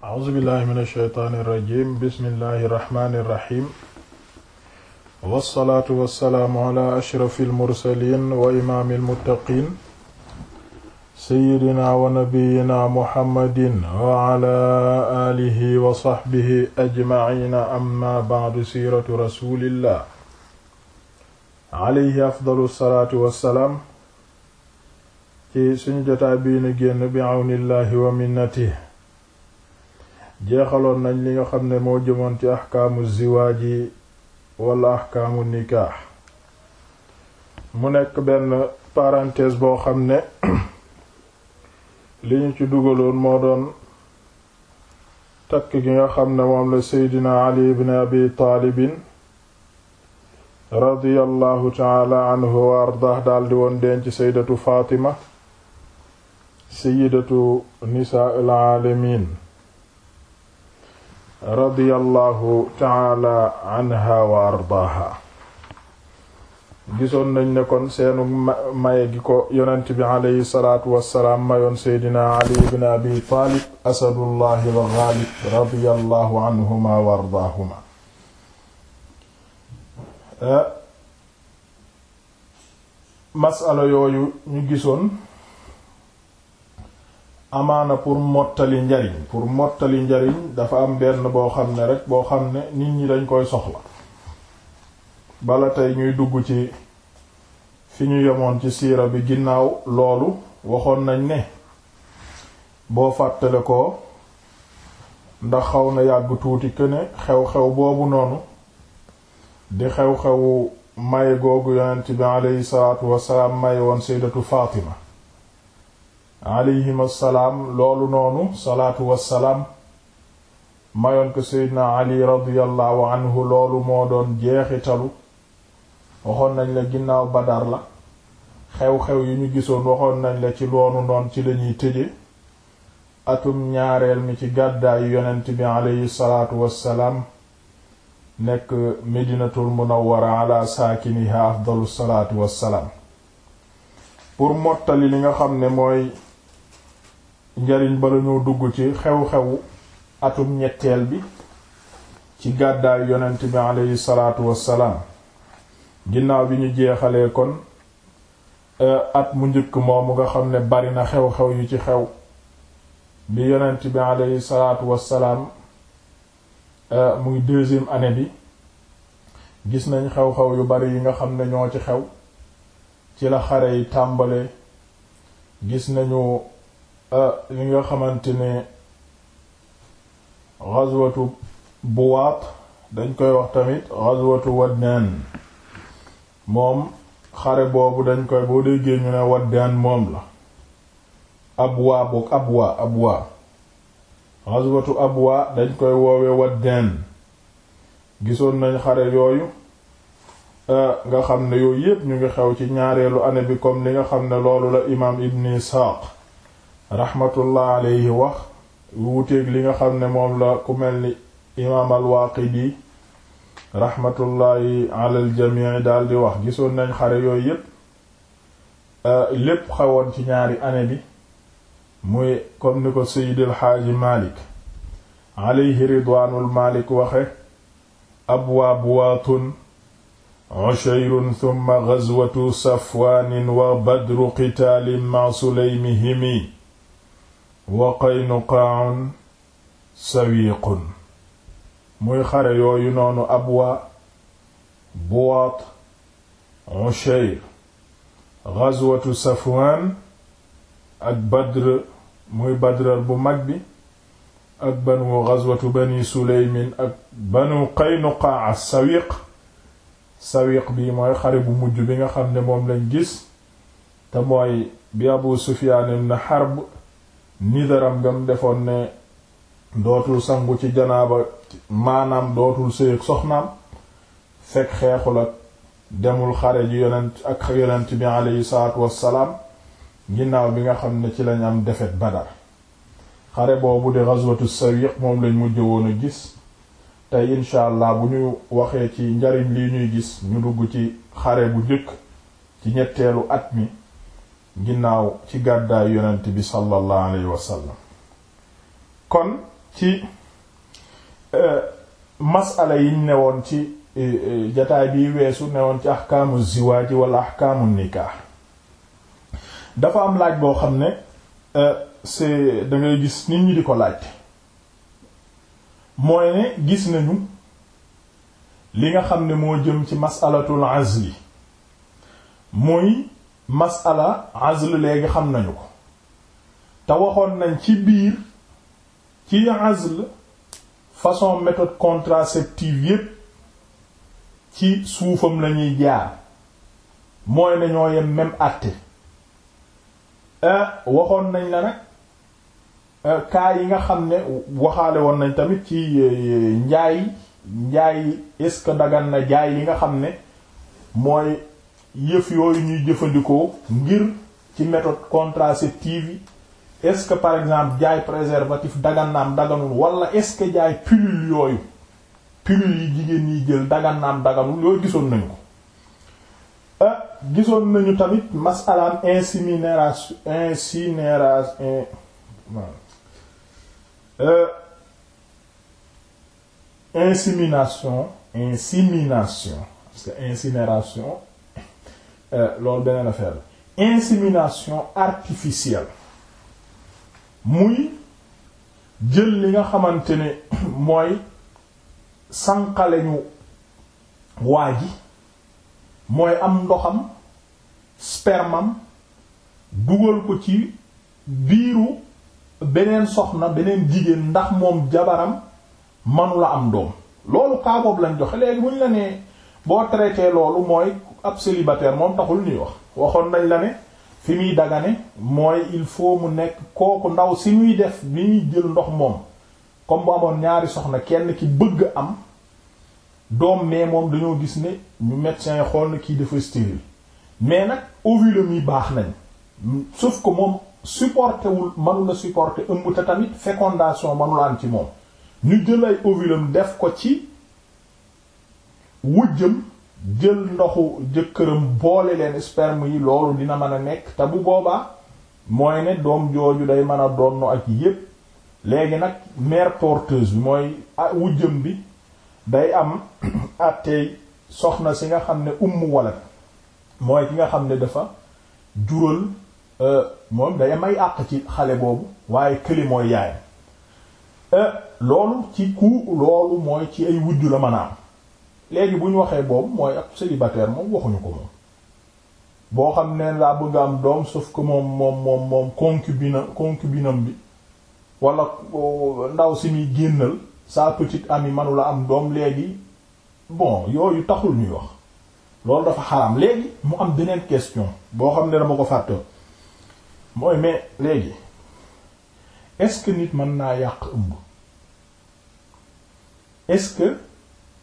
a'uuzu billahi min ashaytaani irrajim bismillahi irrahmani irrahim wassalaatu wassalaamu ala ashrafi almursalin wa imaami almuttaqin seyyidina wa nabiyina muhammadin wa ala alihi wa saxbihi ajmaciina amma bacdu siiratu rasulillah alayhi afdalu salaatu wassalaam ci suñu jotaay bii nu génn bi awnillahi wa minnatihi jeexaloon nañ li nga xam ne moo jëmoon ci axkaamu ziwaaji wala axkaamu nikaax mu nekk benn parenthèse boo xam ne li ñu ci dugaloon moo doon takk gi nga xam ne moom la seydina ali ibn abi taalibin radiyallahu taala anhu wa ardah daldi woon denc seydatu fatima sayidatu nisaa al alamin radiyallahu taala anha wa ardaaha gisoon nañ ne kon seenu maye gi ko yonent bi alayhi salaatu wassalaam mayoon seydina ali ibn abi taalib asadullahi wa ghalib radiyallahu anhuma wa ardaahuma eh, masala yooyu ñu gisoon amaana pour mottali njariñ pour mottali njariñ dafa am benn boo xam ne rek boo xam ne nit ñi dañ koy soxla bala tey ñuy dugg ci fi ñu yemoon ci siira bi ginnaaw loolu waxoon nañ ne boo fàttale ko ndax xaw na yàgg tuuti ne xew-xew boobu noonu di xew-xewu may googu yonent bi aleyhi salaatu wasalaam may woon sayyidatu Fatima alayhim assalaam loolu noonu salaatu wassalaam mayoon ko seydna ali radiyallahu anhu loolu moo doon jeexitalu waxoon nañ la ginnaaw badar la xew-xew yi ñu gisoon waxoon nañ la ci loonu noon ci lañuy tëje atum ñaareel mi ci gàddaayu yonent bi aleyhi salaatu wassalaam nekk medinatul munawwara ala saakiniha afdalu salaatu wassalaam pour mottali li nga xam ne mooy njariñ bala ñoo dugg ci xew-xewu atum ñetteel bi ci gàddaayu yonent bi aleyhi salaatu wassalaam ginnaaw bi ñu jeexalee kon e, at mu njëkk moomu nga xam ne bari na xew-xew yu ci xew bi yonent bi aleyhi salaatu wassalaam e, muy deuxième année bi gis nañ xew-xew yu bari yi nga xam ne ñoo ci xew ci la xare yi tàmbale gis nañu li nga xamante ne ghazwatu Buwaat dañ koy wax tamit ghazwatu Waddaan moom xare boobu dañ koy boo déggee ñu ne Waddaan moom la Abwaa boog Abwaa Abwaa ghazwatu Abwaa dañ koy woowe Waddaan gisoon nañ xare yooyu nga xam ne yooyu yépp ñu ngi xew ci ñaareelu année bi comme li nga xam ne loolu la imaam Ibn Isaaq rahmatullah alayhi wax wuuteeg li nga xam ne moom la ku mel ni imaam al-Waaqidi rahmatullahi alal jamii wax gisoon nañ xare yooyu yépp euh, lépp xawoon ci ñaari année bi muy comme ni ko Seydil Xaaji Malik alayhi ridwaanul Malik waxe abwaab waatun ushayrun thumma ghazwatu safwaanin wa badru qitaalin ma sulaymihimi wa qaynuqaa'un sawiiqun muy xare yooyu noonu abwa buwaat ushayr ghazwatu safwaan ak badr muy badral bu mag bi ak banu ghazwatu bani suleymin ak banu qaynuqaa sawiq sawiq bi mooy xare bu mujj bi nga xam ne moom lañ gis te mooy bi abu sufyaan ibn harb nidaram gam defoon ne dootul sangu ci janaaba maanaam dootul sëyëg soxnaam fekk xeexul ak demul xare ji yonent ak yonent bi aleyhi salaatu wassalaam ginnaaw bi nga xam ne ci lañ am defet Badar xare boobu di ghazwatu Sawiq moom lañ mujj woon a gis tey incha allah bu ñu waxee ci njariñ li ñuy gis ñu dugg ci xare bu njëkk ci ñetteelu at mi ginnaaw ci gàddaay yonent bi sallallahu alayhi wa sallam kon ci e, masala yiñ newoon ci e, e, jataay bi weesu newoon ci ahkaamu ziwaaj wala ahkaamu nikah dafa am laaj boo xam ne c'est da ngay gis nit ñi di ko laaj mooy ne gis nañu li nga xam ne moo jëm ci masalatul azli mooy masala azl léegi xam nañu ko te waxoon nañ ci biir ci azl façon méthode contraceptive yépp ci suufam lañuy jaar mooy ne ñoo yem même àtte euh, waxoon nañ la nag euh, cas yi nga xam ne waxaale woon nañ tamit ci euh, njaay njaay est-ce que dagan na jaay yi nga xam ne mooy yëf yooyu ñuy jëfandikoo ngir ci méthode contraceptive yi est-ce que par exemple jaay préservatif dagan naam daganul wala est-ce que jaay pilule yooyu pilule yi jigéen ñiy jël dagan naam daganul yooyu gisoon nañu ko ah gisoon nañu tamit masalaam euh, insémination insémination insémination insémination Euh, loolu beneen affaire insémination artificielle muy jël li nga xamante ne mooy sànqale ñu waa mooy am ndoxam spermam dugal ko ci biiru beneen soxna beneen jigéen ndax moom jabaram manula am doom loolu cas lañ joxe léegi bu ñu la nee boo traité loolu mooy ab célibataire moom taxul ñuy wax waxoon nañ la ne fi muy dagane mooy il faut mu nekk kooku ndaw si muy def bi muy jël ndox moom comme bu amoon ñaari soxna kenn ki bëgg am doom mais moom dañoo gis ne ñu médecin xool na kii dafa stérile mais nag ovule yi baax nañ sauf ko moom supporté wul mënula supporté ëmb te tamit fécondation mënula am ci moom ñu jël ay ovule def ko ci wujjam jël ndoxu jëkkëram boole leen sperme yi loolu dina mën a nekk te boobaa mooy ne doom jooju day mën a donno ak yépp léegi nag mère porteuse bi mooy wujjëm bi day am àttey soxna si nga xam ne ummu walad mooy ki nga xam ne dafa jural euh, moom day may àq ci xale boobu waaye këli mooy yaayam euh, loolu ci ku loolu mooy ci ay wujju la mën a léegi bu ñu waxee boobu mooy ab célibataire moom waxuñu ko moom boo xam ne laa bëgg am doom sauf ko moom moom moom moom concubine concubinam bi wala euh, ndaw si muy génnal sa petite amie manula am doom léegi bon yooyu taxul ñuy wax loolu dafa xaraam léegi mu am beneen question boo xam ne dama ko fàtte mooy mais léegi est nit mën naa yàq ëmb ce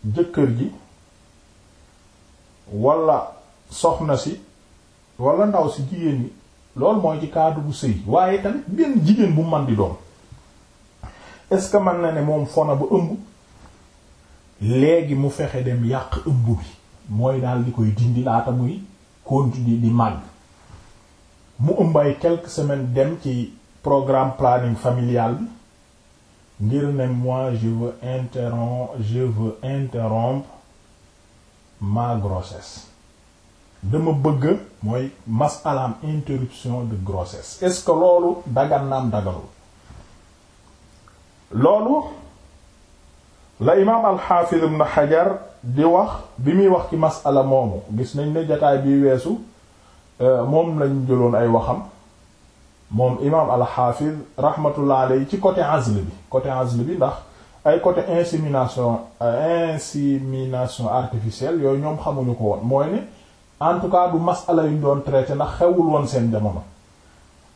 jëkkër ji wala soxna si wala ndaw si jigéen ñi loolu mooy ci cadre bu sëy waaye tamit benn jigéen bu man di doon est-ce que mën na ne moom fona bu ëmb léegi mu fexe dem yàq ëmb bi mooy daal di koy dindi laata muy continuer di màgg mu ëmb ay quelques semaines dem ci programme planning familial bi ngir ne mois je veux interrompre je veux interrompre ma grossesse dama bëgg mooy masalaam interruption de grossesse est-ce loolu dagan naam loolu la imaam alxaafiz ibn xajar di wax bi muy wax ci masala moomu gis nañ ne jataay bi weesu euh, moom lañ jëloon ay waxam moom imaam alxaafiz rahmatullah alayhi ci côté azl bi côté azl bi ndax ay côté insémination insémination artificielle yooyu ñoom xamuñu ko woon mooy ne en tout cas du masala yuñ doon traité ndax xewul woon seen jamono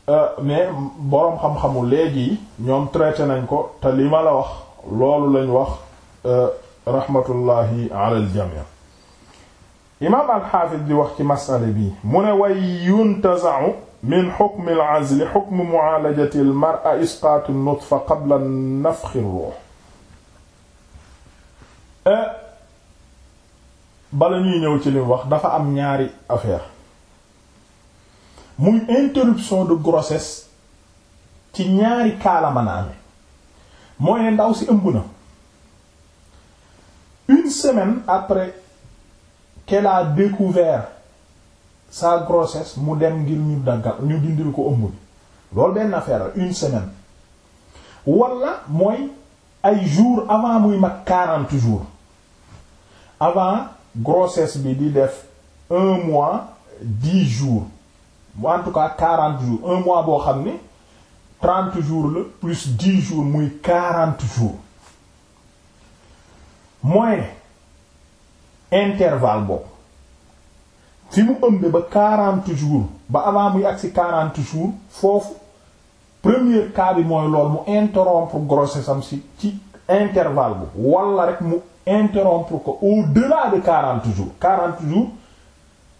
euh, mais boroom xam-xamu léegi ñoom traité nañ ko te li ma la wax loolu lañ wax euh, rahmatullahi ala al jami imaam alxaafiz di wax ci masala bi mu ne way yuntaza'u min xukmi al-azli xukmu mu'aalajati al-mar'a isqaatu an-nutfa qabla nafxi ar-ruux eh, bala ñuy ñëw ci li wax dafa am ñaari affaire muy interruption de grossesse ci ñaari kaalamanaami mooy ne ndaw si ëmb na une semaine après qu'elle a découvert sa grossesse mu dem ngir ñu daggal ñu dindil ko ëmb bi loolu benn affaire une semaine wala mooy ay jours avant muy mag quarante jour avant grossesse bi di def un mois dix jours en tout cas quarante jours un mois boo xam ne trente jours la plus dix jours muy quarante jours mooy intervalle boobu fi mu ëmbe ba quarante jour ba avant muy agsi quarante jours foofu premier cas bi mooy lool mu interrompre grossesse si ci interval bu wala rek mu interrompre ko au-delà de quarante jours quarante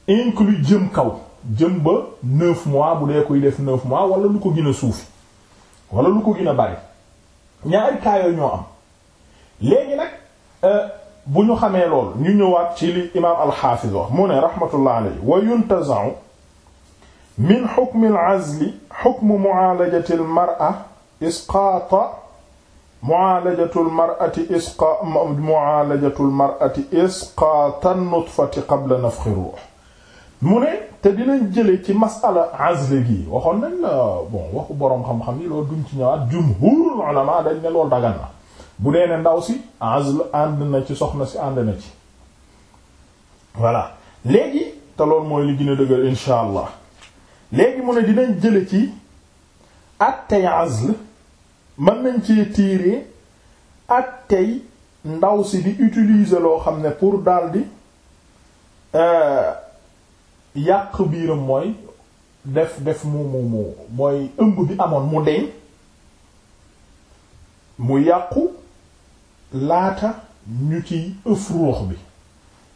inclus jëm kaw jëm ba neuf mois bu dee koy def neuf mois wala lu ko gën a suufi wala lu ko gën bari ñaari cas yooyu ñoo am léegi nag euh, bu ñu xamee lool ñu ñëwaat ci li imaam alxaafiz wax mu ne rahmatullah alayhi wa yuntaza'u min xukmi al-azli xukmu mu'aalajati al-mar'a isqaata mu'aalajatu al-mar'ati isqa mu'aalajatu al-mar'ati isqaata an-nutfati qabla nafxi ruux mu ne te dinañ jëlee ci masala azl gi waxoon nañ la bon waxu boroom xam-xam yi loolu duñ ci ñëwaat jumhuurul ulamaa dañ ne loolu dagan na bu dee ndaw si azl ànd na ci soxna si ànd na ci voilà léegi te loolu mooy li dëgër insha allah léegi mu ne dinañ jële ci attey azl mën nañ ci tiire attey ndaw si di utiliser loo xam ne pour daldi euh, yàq biiram mooy def def mu mu mu mooy ëmb bi amoon mu deñ mu yàqu laata ñu ci ëf ruux bi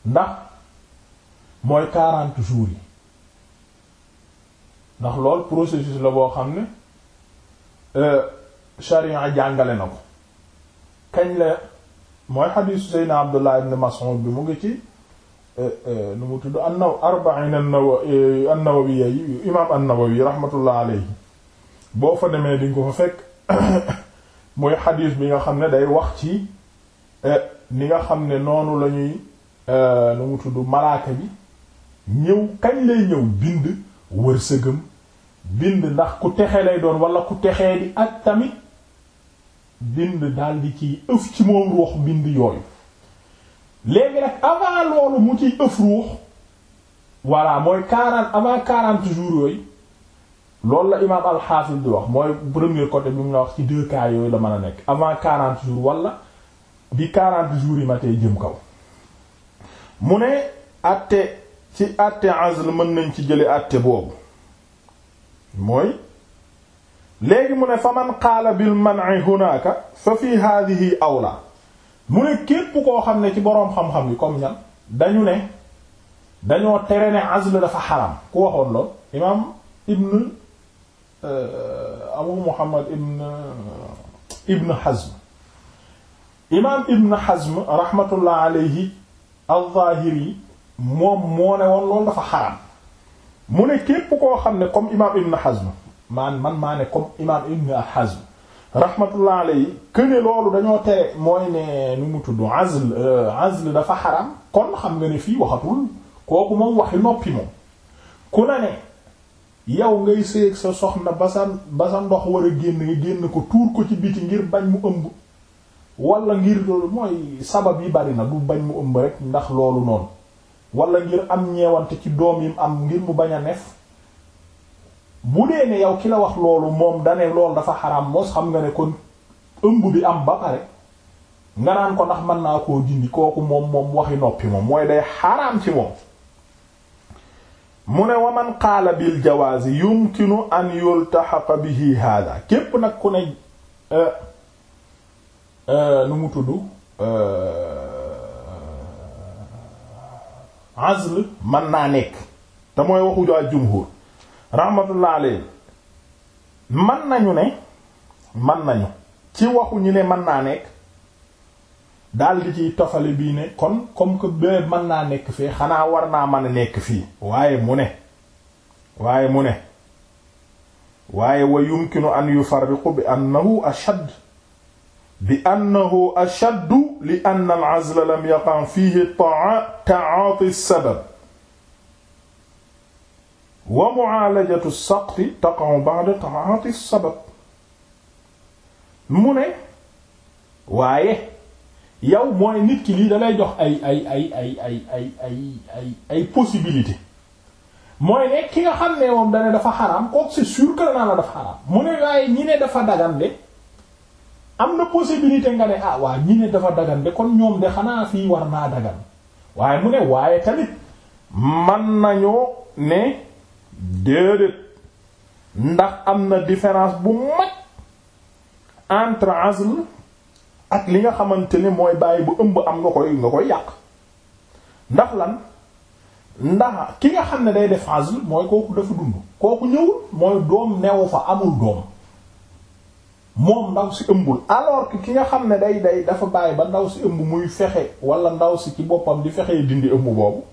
ndax mooy quarante jours yi ndax lool processus la boo xam ne euh, sharia jàngale na ko kañ la mooy xadiisu seydna abdullah ibn mas'ud bi mu ngi ci euh, euh, nu mu tudd annaw arba'in annawawi annawawi yu imaam annawawi rahmatullah alayhi boo fa demee dinga ko fa fekk mooy xadiis bi nga xam ne day wax ci Eh, ni nga xam ne noonu la ñuy eh, nu mu tudd malaaka bi ñëw kañ lay ñëw bind wërsëgam bind ndax ku texe lay doon wala ku texe di ak tamit bind daldi ciy ëf ci moom ruux bind yooyu léegi nag avant loolu mu ci ëf ruux voilà mooy quarante avant quarante jour yooyu loolu la imaam alxaafis di wax mooy premier côté bi mu la wax ci deux yooyu la mën a nekk avant quarante jours walla bi quarante jours yi matee jëm kaw mu ne àtte ci àtte azl mën nañ ci jële àtte boobu mooy léegi mu ne fa man qaala bil man'i hunaaka fa fi hadhihi awla mu ne képp koo xam ne ci boroom xam-xam yi comme ñan dañu ne dañoo tere ne azl dafa xaram ku waxoon lool imaam ibn euh, abu muhammad ibn ibn hazm imaam Ibn Hazm rahmatullah alayhi al-Zahiri moom moo ne woon loolu dafa xaram mu ne képp koo xam ne comme imaam Ibn Hazm maan man maa ne comme imaam Ibn Hazm rahmatullah alayhi que loolu dañoo te mooy ne nu mu tudd azl euh, azl dafa xaram kon xam nga ne fii waxatul kooku moom waxi noppi moom ku na ne yow ngay séeg sa soxna ba sa ndox war génn nga génn ko tuur ko ci biti ngir bañ mu ëmb wala ngir loolu mooy sabab yi bari na du bañ mu ëmb rek ndax loolu noonu walla ngir am ñeewante ci doom yim am ngir mu bañ a nef bu dee ne ki la wax loolu moom dane lool dafa xaraam moos xam nga ne ko ëmb bi am ba pare nga naan ko ndax mën naa koo dindi kooku moom moom waxi noppi moom mooy day xaraam ci moom mu ne wa man qaala bil jawaazi yumkinu an yultahaqa bihi hada képp nag ku ne euh, lu euh, mu tudd euh, azl man naa nekk te mooy waxu jaa jumhur rahmatullah alayhi man nañu ne man nañu ci waxu ñu ne man naa nekk daal di ciy tofale bii ne kon comme que bee mën naa nekk fii xanaa war naa mën a nekk fii waaye mu ne waaye mu ne waaye wa yumkinu an yufarriqu bi annahu ashad bi annahu ashaddu li anna al-azla lam yaqa fihi ta'aati as-sabab wa mu'aalajatu as-saqti waaye yow mooy nit ki lii dalay jox ay ay ay ay ay ay ay ay ay possibilité mooy ne ki nga xam ne moom dane dafa xaraam kooku su sûr que danaa la dafa xaraam mu ne waaye ñi ne dafa dagan de am na possibilité nga ne ah waa ñi ne dafa dagan de kon ñoom de xanaa fii war naa dagan waaye mu ne waaye tamit man nañoo ne déedéet ndax am na différence bu mag entre azl ak li nga xamante ni mooy bàyyi bu ëmb am nga koy nga koy yàq ndax lan ndax ki nga xam ne day def azl mooy kooku dafa dund kooku ñëwul mooy doom newu fa amul doom moom ndaw si ëmbul alors que ki nga xam ne day day dafa bàyyi ba ndaw si ëmb muy fexe wala ndaw si ci boppam di fexe dindi ëmb boobu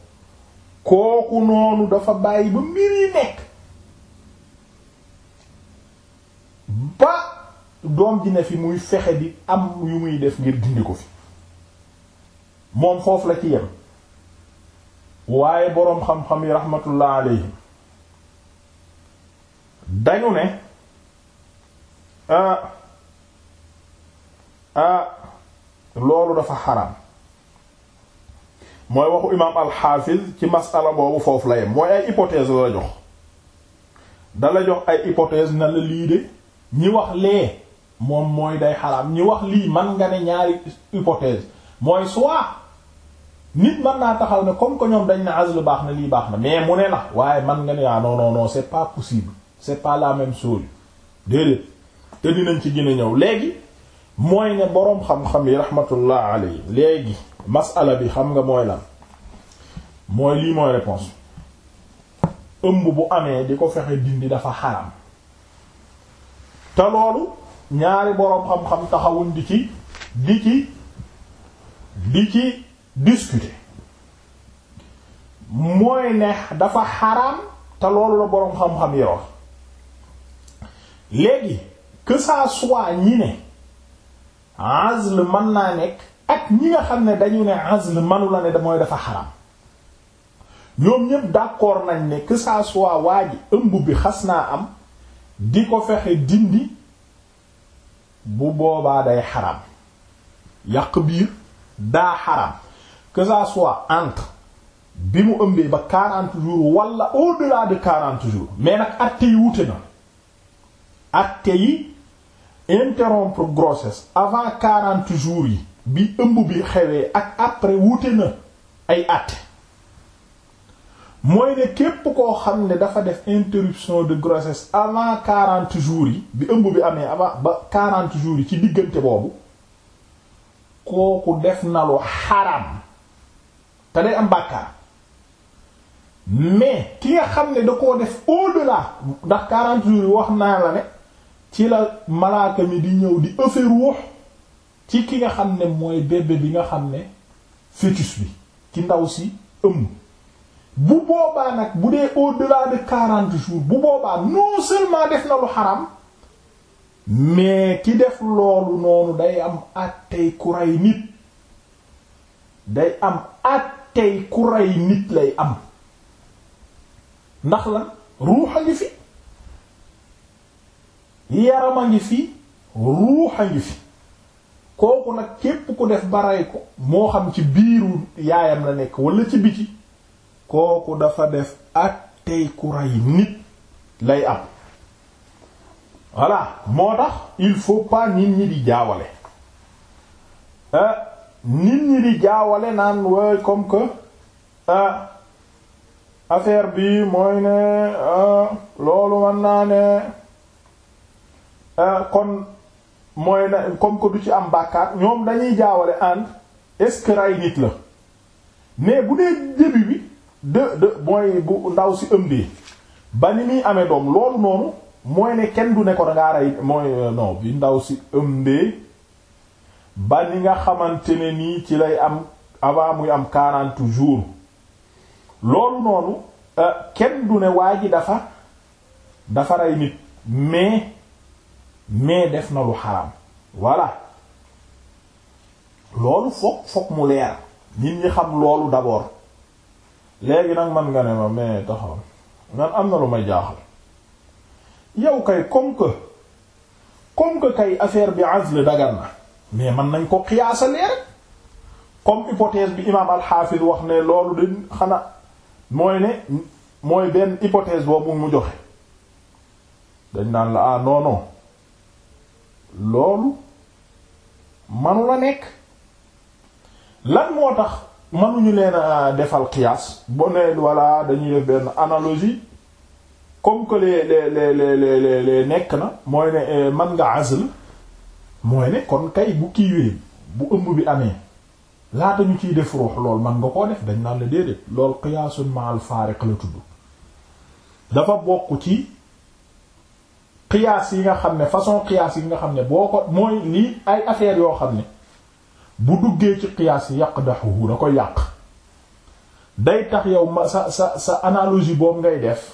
kooku noonu dafa bàyyi ba mbir nekk ba doom ji ne fi muy fexe di am yu muy def ngir dindi ko fi moom foofu la ci yem waaye boroom xam-xam yi rahmatullah alayhi dañu ne ah ah loolu dafa xaraam mooy waxu imaam alxaafiz ci masala boobu foofu la yem mooy ay hypothèse la la jox dala jox ay hypothèse na la lii de ñi wax lee moom mooy day xaraam ñi wax lii man nga ne ñaari hypothèse mooy soit nit man naa taxaw ne comme que ñoom dañ ne azl baax na lii baax na mais mu ne na waaye man nga ne ah non non non c'est pas possible c'est pas la même chose déedéet te dinañ ci gën a ñëw léegi mooy ne boroom xam-xam yi rahmatullah alayhi léegi masala bi xam nga mooy lan mooy lii mooy réponse ëmb bu amee di ko fexe dindi dafa xaram te loolu ñaari boroom xam-xam taxawuñ di ci di ci di ci discuter mooy ne dafa xaram te loolu la boroom xam-xam yi wax léegi que ça soit ñi ne azl mën naa nekk ak ñi nga xam ne dañu ne azl manu la ne damooy dafa xaram ñoom ñépp d'accord nañ ne que ça waa ji ëmb bi xas naa am di ko fexe dindi bu boobaa day xaram yàq biir daa xaram que entre bi mu ëmbee ba quarante jours wala au-delà de quarante jours mais nag atte yi wute na atte yi interrompre grossesse avant quarante jours yi bi ëmb bi xewee ak après wuute na ay at mooy ne képp koo xam ne dafa def interruption de grossesse avant quarante jours yi bi ëmb bi amee avant ba quarante jours yi ci diggante boobu kooku def na lu xaram te day am bàkkaar mais ki nga xam ne da koo def au-delà ndax quarante jours yi wax naa la ne ci la malaaka mi di ñëw di ëfe ruux ci ki nga xam ne mooy bébé bi nga xam ne fœtus bi ci ndaw si ëmb bu boobaa nag bu dee au-delà de quarante jours bu boobaa non seulement def na lu xaram mais ki def loolu noonu day am àttey kuray nit day am àttey kuray nit lay am ndax lan ruuxa fi yaram a ngi fi ruux a ngi fi kooku nag képp ku def ba rey ko moo xam ci biiru yaayam la nekk wala ci biti kooku dafa def ak tey ku rey nit lay am voilà moo tax il faut pas nit ñi di jaawale euh, nit ñi naan way comme que euh, affaire bi mooy ne euh, loolu mën naa ne Ah, kon mooy na comme que du ci am bàkkaar ñoom dañuy jaawale ànd est-ce ray nit la mais bu dee début bi de de mooy bu ndaw si ëmbee ba ni muy amee doom loolu noonu mooy ne kenn du ne ko dangaa rey mooy euh, non bi ndaw si ëmbee ba ni nga xamante ne nii ci lay am avant muy am quarante jours loolu noonu euh, kenn du ne waa gi dafa dafa rey nit mais mais def na lu xaram voilà loolu fokk fokk mu leer nit ñi xam loolu d'abord léegi nag man nga ne ma mais taxaw man am na lu may jaaxal yow kay comme que comme que kay affaire bi azl dagan na mais man nañ ko xiyaasale rek comme hypothèse bi imaam al wax ne loolu di xanaa mooy ne mooy benn hypothèse boobu mu joxe dañ naan la ah non loolu manu la nekk lan moo tax manuñu leen a defal qiyaas boo nee walla dañuy def benn analogie comme que les les les les nekk na mooy ne eh, man nga azl mooy ne kon kay bu kiiwee bu ëmb bi amee laata ñu ciy def ruux lool man nga koo def dañ naan la déedéet lool qiyaasun ma'al faariq la dafa bokk ci qiyaas yi nga xam ne façon qiyaas yi nga xam ne boo ko mooy nii ay affaire yoo xam ne bu duggee ci qiyaas yi yàq daxuhu da koy yàq day tax yow ma sa sa sa analogie boobu ngay def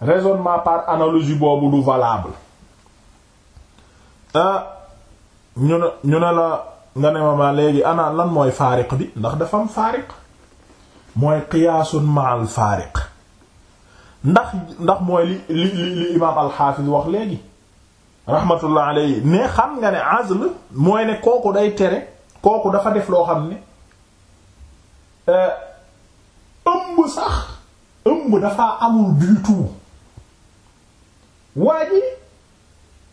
raisonnement par analogie boobu du valable ah ñu ne ñu ne la nga ne ma léegi ana lan mooy faariq bi ndax dafam am faariq mooy qiyaasun ma'al faariq ndax ndax mooy li li li li imaam alxaafis wax léegi rahmatullah alayhi mais xam nga ne azl mooy ne kooku day tere kooku dafa def loo xam ne euh, ëmb sax ëmb dafa amul du tout waa ji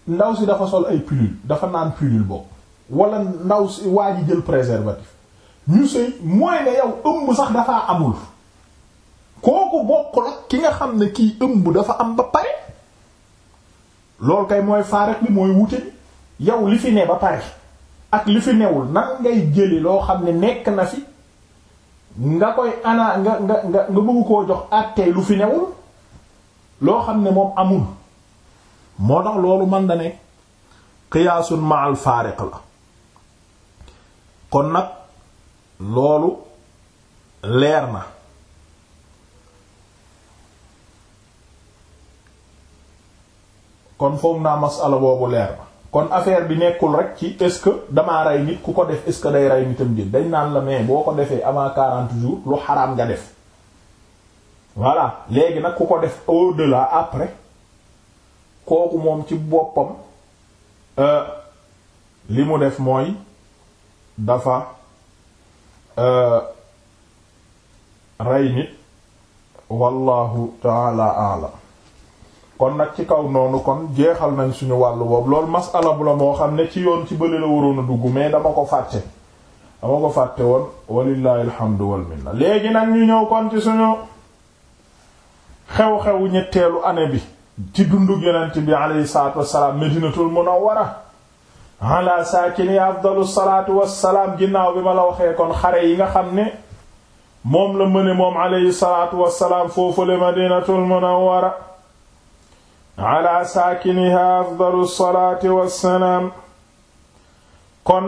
ndaw si dafa sol ay pilule dafa naan pilule boobu walla ndaw si waa ji jël préservatif ñu sëy mooy ne yow ëmb sax dafa amul kooku bokkul ak ki nga xam ne kiy ëmb dafa am ba pare loolu kay mooy faarek bi mooy wute yow li fi ne ba pare ak li fi newul nan ngay jëli loo xam ne nekk na fi nga koy ana nga nga nga nga koo jox àttee lu fi newul loo xam ne moom amul moo tax loolu man da ne qiyaasun ma'al faariq la kon nag loolu leer na kon foog naa masala boobu leer na kon affaire bi nekkul rek ci est-ce que damaa rey nit ku ko def est-ce que day rey nitam jël dañ naan la mais boo ko defee avant quarante jours lu xaraam nga def voilà léegi nag ku ko def au-delà après kooku moom ci boppam euh, li mu def mooy dafa euh, rey nit wallahu taala alam kon nag ci kaw noonu kon jeexal nañ suñu wàllu boobu loolu masala bu la moo xam ne ci yoon ci bële la waroon a dugg mais dama ko fàtte dama ko fàtte woon walillahi alhamdu wal minna léegi nag ñu ñëw kon ci suñu xew-xewu ñetteelu année bi ci dundu yonent bi alayhi salaatu wassalaam medinatul munawwara ala saakini afdalu salaatu wassalaam ginnaaw bi ma la waxee kon xare yi nga xam ne moom la mëne moom alayhi salaatu wassalaam foofu le madinatul munawwara ala saakiniha afdalu salaati wassalaam kon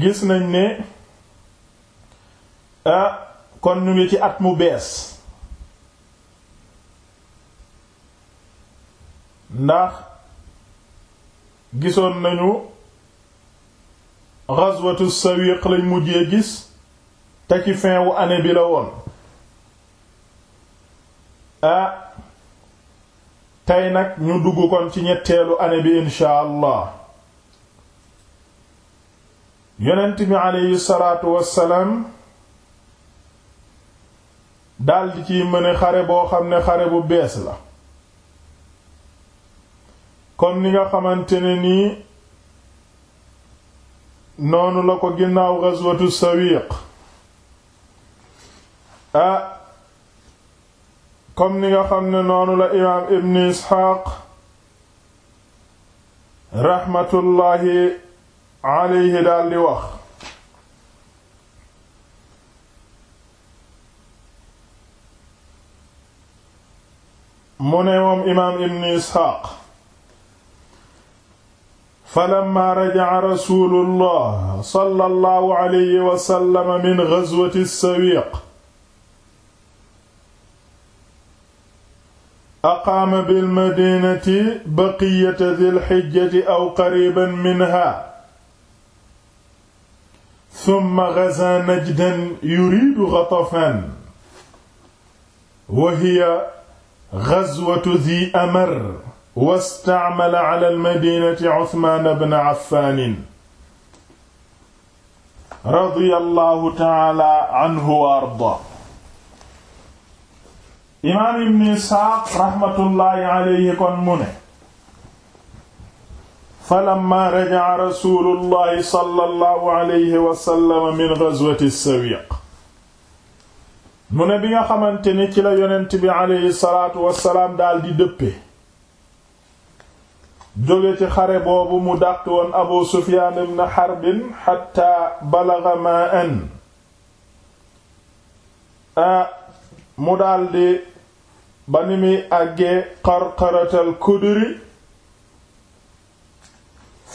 gis nañ ne ah, kon ñu ngi ci at mu bees ndax gisoon nañu ghazwatu sawiq lañ mujjee gis te ci fin wu année bi la woon ah, tey nag ñu dugg kon ci ñetteelu année bi inshaa allah yonent bi aleyhi salaatu wassalaam daldi ciy mëne xare boo xam ne xare bu bees la kon ni nga xamante ne nii noonu la ko ginnaaw ghazwatu sawiq ah comme ni nga xam ne noonu la imaam ibn isxaaq raxmatullaahi aleyhi daldi wax mu ne moom imaam ibn isxaaq falamma rajaca rasuulullah sallallahu alayhi wa sallam min gazwati sawiiq aqaama bil madinati baqiyata dhil hijjati aw qariban minha thumma ghazaa najdan yuriidu ghatafaan wa hiya ghazwatu dhii amar wasta'mala 'ala al madinati Uthmaan ibn Affaan radiyallahu ta'ala anhu wa ardaahu imaam ibn isxaaq raxmatullaahi alayhi kon mu ne falamma rajaca rasuulullaahi sallallaahu alayhi wasallam min gazwati sawiiq mu ne xamante ni ci la yonent bi alayhi salaatu wasalaam daldi dëppe jóge ci xare boobu mu dàq woon abu sufyaan ibn xarbin xatta balaga maa an ah, mu daldi ba ni muy àggee qarqaratal kuduri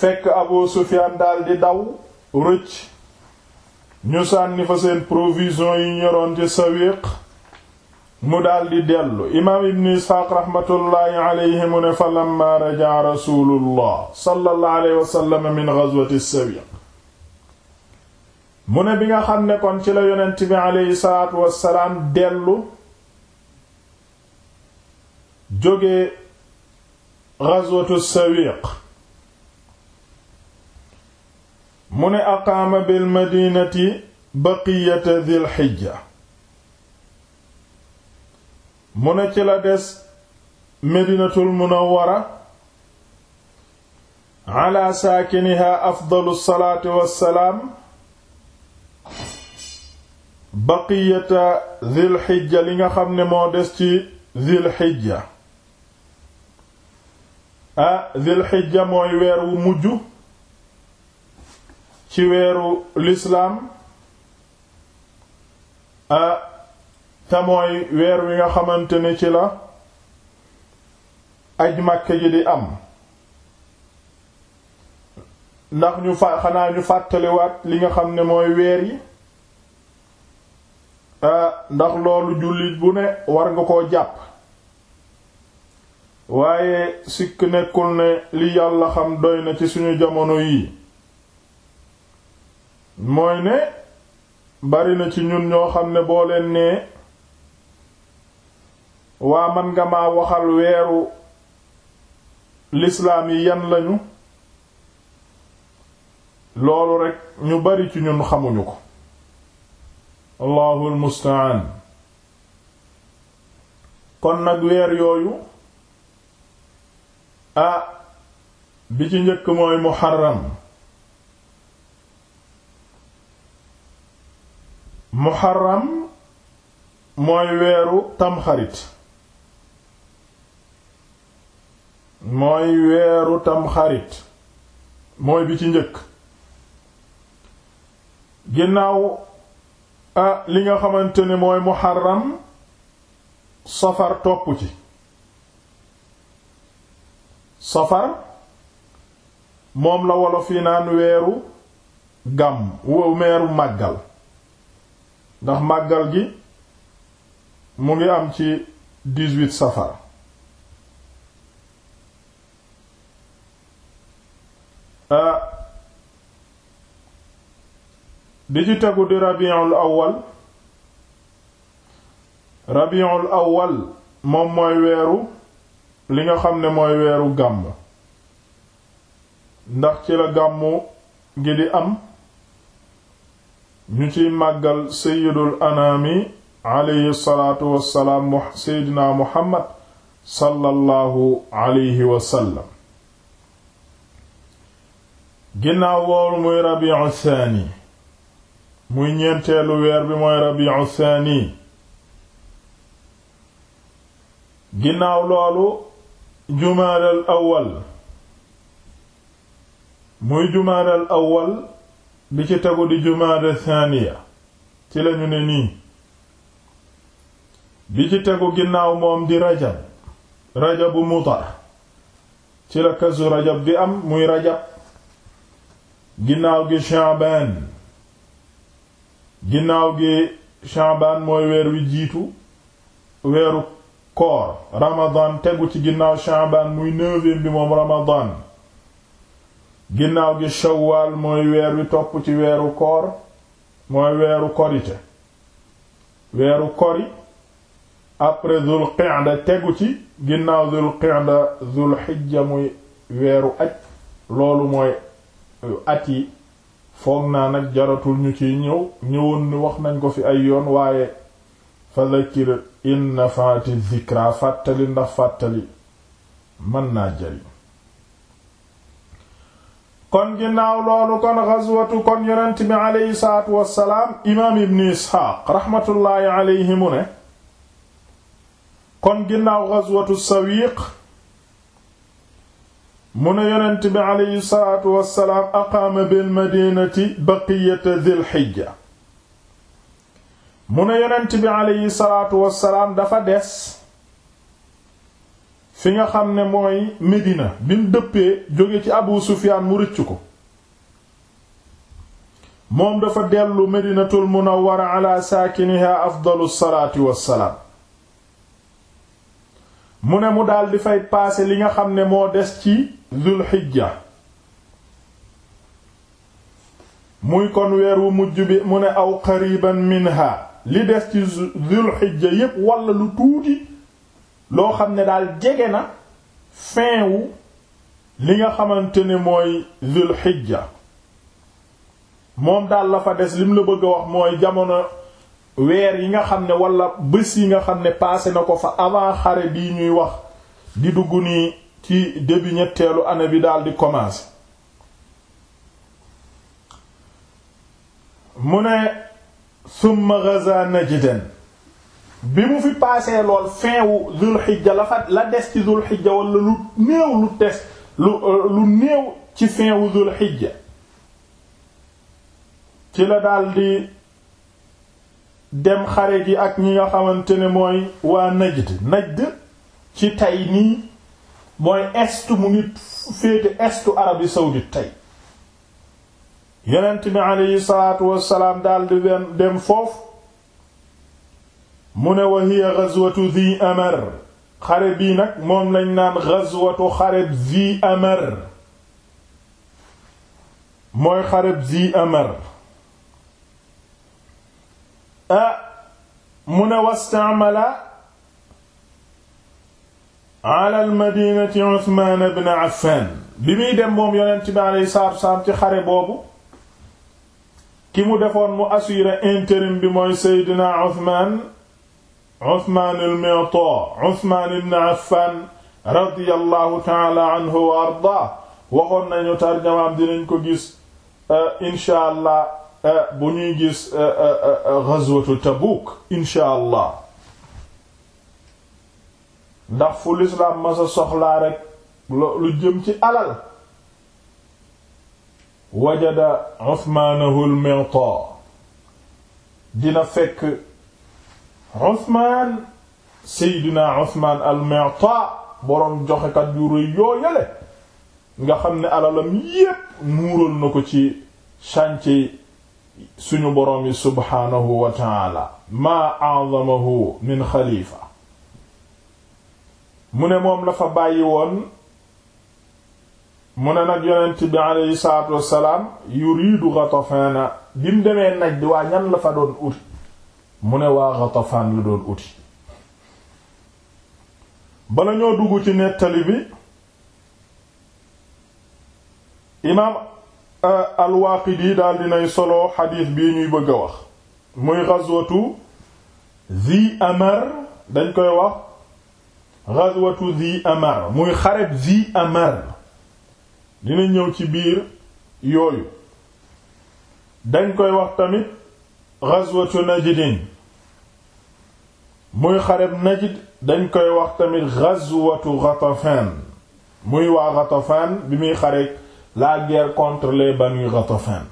fekk Abu Sufyaan daldi daw rëcc ñu sànni fa seen provision yi ñoroon ci sawiq mu daldi dellu imaam ibn isxaaq raxmatullaahi alayhi mu ne fa lamma rajaa rasuulullah sallallahu alayhi wa min ghazwati sawiq mu ne bi nga xam ne kon ci la yonent bi aleyhi salaatu wassalaam dellu jóge ghazwatu sawiq mu ne aqaama bil madinati baqiyata dhil hijja mu ne ci la des medinatul munawwara ala saakiniha afdalu salaatu wassalaam baqiyata zil xijja li nga xam ne moo des ci zil xijja ah zil mooy weer wu mujj ci weeru lislaam ah te mooy weer wi nga xamante ne ci la aj Makka ji di am ndax ñu fa xanaa ñu fàttaliwaat li nga xam ne mooy weer yi Ah, ndax loolu jullit bu ne war nga koo jàpp waaye sikk nekkul ne li yàlla xam doy na ci suñu jamono yii mooy ne bari na ci ñun ñoo xam ne boo leen nee waa man nga ma waxal weeru lislaam yi yan lañu loolu rekk ñu bari ci ñun xamuñu ko allahu almustaan kon nag weer yooyu a bi ci njëkk mooy muharram muharram mooy weeru tamxarit mooy bi ci njëkk ginnaaw ah li nga xamante ni mooy muharram safar topp ci safar moom la wolof yi naan weeru gàmm weeru màggal ndax màggal gi mu ngi am ci dix-huit safar bi ci tegu di rabiul awwal rabiul awwal moom mooy weeru li nga xam ne mooy weeru gàmm ndax ci la gàmmu gi di am ñu ciy màggal sayyidul anaami alayhi salaatu wassalaam seydina muhammad sallallahu alayhi wasallam ginnaaw woolu muy rabiu thani muy ñeenteelu weer bi mooy rabiu thani ginnaaw loolu jumaadal awal muy jumaadal awal bi ci tegu di jumaada thaniya ci lañu ne nii bi ci tegu ginnaaw moom di rajab rajabu mutar ci la kasu rajab bi am muy rajab ginnaaw gi sha'ban ginnaaw gi Sha'ban mooy weer wi jiitu weeru koor Ramadan tegu ci ginnaaw Sha'ban muy neuvième bi moom Ramadan ginnaaw gi Shawwal mooy weer wi topp ci weeru koor mooy weeru korite weeru kori après Dhul Qa'da tegu ci ginnaaw Dhul Qa'da Dhul Hijja muy weeru aj loolu mooy at yi foog naa nag jaratul ñu ciy ñëw ñëwoon ni wax nañ ko fi ay yoon waaye fa dhakkir in nafaati dhikra fàttali ndax fàttali mën naa jariñ kon ginnaaw loolu kon ghazwatu kon yonent bi aleyhi salaatu wassalaam imaam ibni isxaaq raxmatullaahi aleyhi ne kon ginnaaw ghazwatu sawiiq mu ne yonent bi aleyhi salaatu wassalaam aqaama bil madinati baqiyata dhil hijja mu ne yonent bi aleyhi salaatu wassalaam dafa des fi nga xam ne mooy Medina bi mu jóge ci Abu Sufyaan mu rëcc ko moom dafa dellu Medinatul Munawwara ala saakiniha afdalu salaati wassalaam mu ne mu daldi fay paase li nga xam ne moo des ci zul xijja muy kon weer wu mujj bi mu ne aw qariban minha li des ci zul xijja yépp walla lu tuuti loo xam ne daal jege na fin li nga xamante ni mooy zul xijja moom daal la fa des lim la bëgg wax mooy jamono weer yi nga xam ne walla bés yi nga xam ne paase na ko fa avant xare bii ñuy wax di dugg nii ci début ñetteelu année bi daal di commencer mu ne summa gaza najden bi mu fi paasee lool fin wu zulxijja la fa la des ci zulxijja wala lu néew lu des lu euh, lu néew ci fin wu zulxijja ci la daal dem xare ji ak ñi nga xamante ne mooy waa najd najd ci tey nii mooy est mu ngi féete estu Arabie saoudite tey yonent bi aleyhi salaatu wassalaam daldi dem foofu mu ne wa hiya ghazwatu dhi amar xare bii nag moom lañ naan ghazwatu xareb dhi amar mooy xareb dhi amar a ah, mu ne wastaamala ala almadinati Usmaan ibn Affaan bi muy dem moom yonent bi alayhi salaatu wasalaam ci xare boobu ki mu defoon mu assuré intérim bi mooy Seydina Usmaan Usmaan al-Mi'taa Usmaan ibn Affaan radiyallahu ta'ala anhu wa ardaa waxoon nañu tarjamaam dinañ ko gis euh, incha allah euh, bu ñuy gis euh, ghazwatu Tabuuk incha allah ndax fu lislaam ma sa lu jëm ci alal wajada usmaanahu al-mi'taa dina fekk usmaan seydina usmaan al-mi'taa boroom joxekat yu rëy yooyale nga xam ne alalam ko ci chantier suñu boroom yi subhaanahu wa ta'aala maa a'zamahu min xalifa mu ne moom la fa bàyyi woon mu ne nag yonent bi aleyhi salaatu wassalaam yuriidu Ghatafana bi mu demee bi waa ñan la fa doon uti mu ne waa Ghatafaan la doon uti bala ñoo dugg ci nettali bi imaam uh, al-Waaqidi daal dinay solo xadiis bi ñuy bëgg a wax muy ghazwatu Zi Amar dañ koy wax ghazwatu zi amar muy xareb zi amar dina ñëw ci biir yooyu dañ koy wax tamit ghazwatu najdin muy xareb najd dañ koy wax tamit ghazwatu ghatafan muy waa ghatafan bi muy xare la guerre contre les banu ghatafan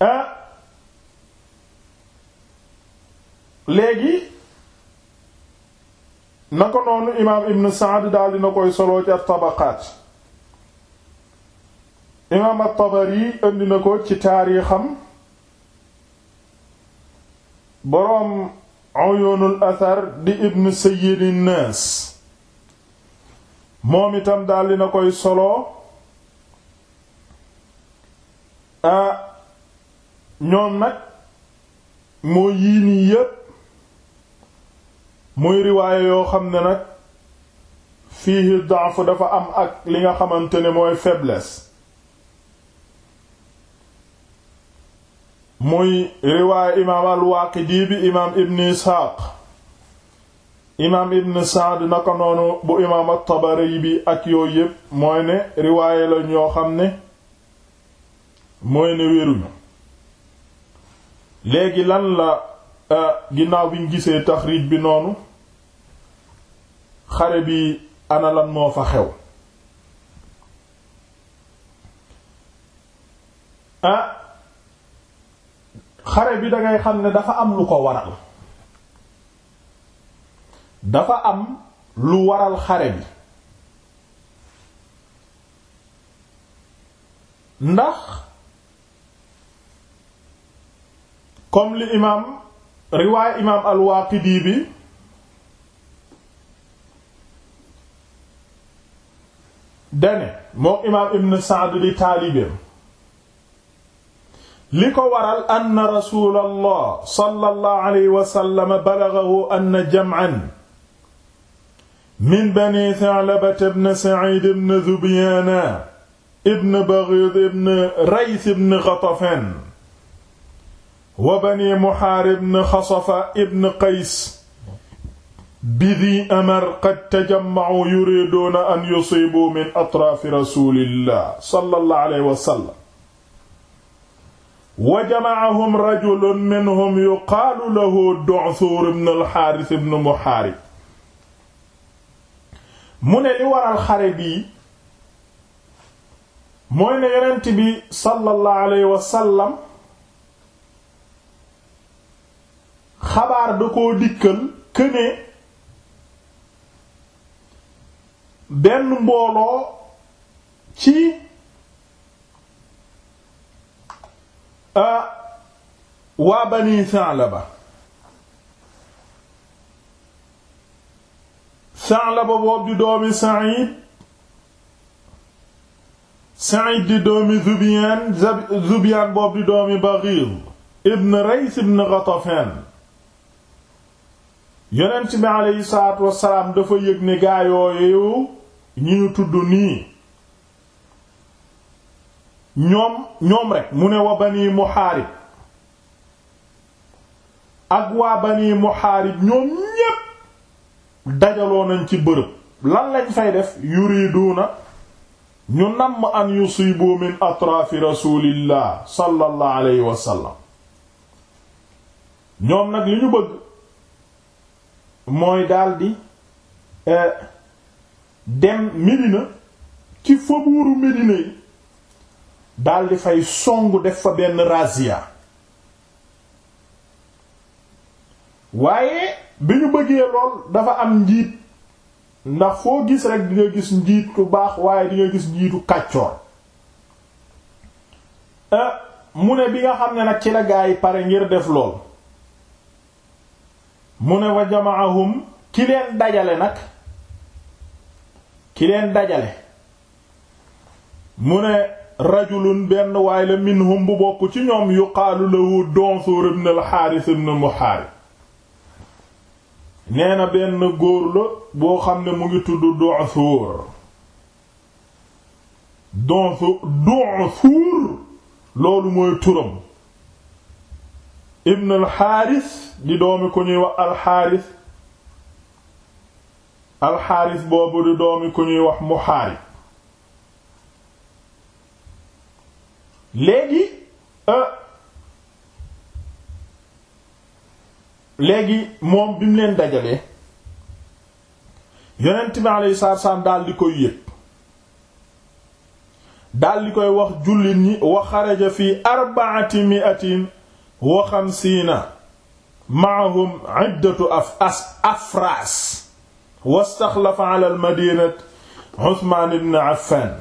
ah! léegi na ko noonu imaam ibn Saad daal dina koy solo ci at-Tabaqaat imaam at-Tabari indi na ko ci taarixam boroom Uyuunul Athar di ibn Sayyidin Naas moom itam daal dina koy solo a ah, ñoom nag moo yii yépp muy riwaaya yoo xam ne nag fiihi da'f dafa am ak li nga xamante ne mooy faiblesse muy riwaaya imaam al-Waaqidi bi imaam ibn Isxaaq imaam ibn Sa'd naka noonu bu imaam at-Tabari bi ak yooyu yépp mooy ne riwaaya la ñoo xam ne mooy ne wéruñu léegi lan la euh, ginnaaw bi ñu gisee taxriij bi noonu xare bi ana lan moo fa xew ah xare bi dangay xam ne dafa am lu ko waral dafa am lu waral xare bi ndax comme li imaam riwaay imaam al bi dane moom imaam ibn Sa'd di taalibeem li ko waral anna rasuulallah sallallahu alayhi wa sallam balaghahu anna jam'an min bani Tha'laba ibn Sa'id ibn Dhubyana ibn Baghid ibn Rayth ibn Ghatafan wa bani Muharib ibn Khasafa ibn Qays bidi amar qad tajammacu yuriduuna an yusiibuu min atraafi rasulillah sallallahu alayhi wa sallam wa jamacahum rajulun minhum yuqaalu lahu Du'thuur ibn al-Haaris ibn Muhaarib mu ne li waral xare bii mooy ne yonent bi sallallahu alayhi wa sallam xabaar da koo dikkal këne benn mbooloo ci waa bani Sa'laba Sa'laba boobu di doomi Sa'id Sa'id di doomi Zubyan Zubyan boobu di doomi Baghir ibn Rays ibn Ghatafan yonent bi aleyhi salaatu wassalaam dafa yëg ne gaayooyu ñi ñu tudd nii ñoom ñoom rek mu ne wa bani muhaarib ak waa bani muhaarib ñoom ñépp dajaloo nañ ci bërëb lan lañ fay def yuriduuna ñu namm an yusibu min atraafi rasulillah sallallahu alayhi wa ñoom nag li ñu bëgg mooy daldi eh, dem Medina ci faubourg Medina yi daal fay songu def fa benn razzia waaye bi ñu bëggee lool dafa am njiit ndax foo gis rek di gis njiit ku baax waaye di gis njiitu kàccoor euh, mu ne bi nga xam ne nag ci la gaa yi pare ngir def lool mu ne wa jamaahum ki leen dajale nag ki leen dajale mu ne rajulun benn waay la minhum bu bokk ci ñoom yuqaalu lahu Dunsur ibn al-Harith ibn Muharib nee na benn góor la boo xam ne mu ngi tudd Dunsur Dunsur Dunsur loolu mooy turam ibn al-Harith di doomi ko ñuy wax al alxaaris boobu di doomi ku ñuy wax muxaarib léegi euh, léegi moom bi mu leen dajalee yonent bi alayhi salaatu koy yëg daal koy wax julli ni wa xaraja fi arba'ati mi'atin wa xamsiina ma'ahum iddatu af as afraas wastaxlafa ala almadinat Usmaan ibn Affan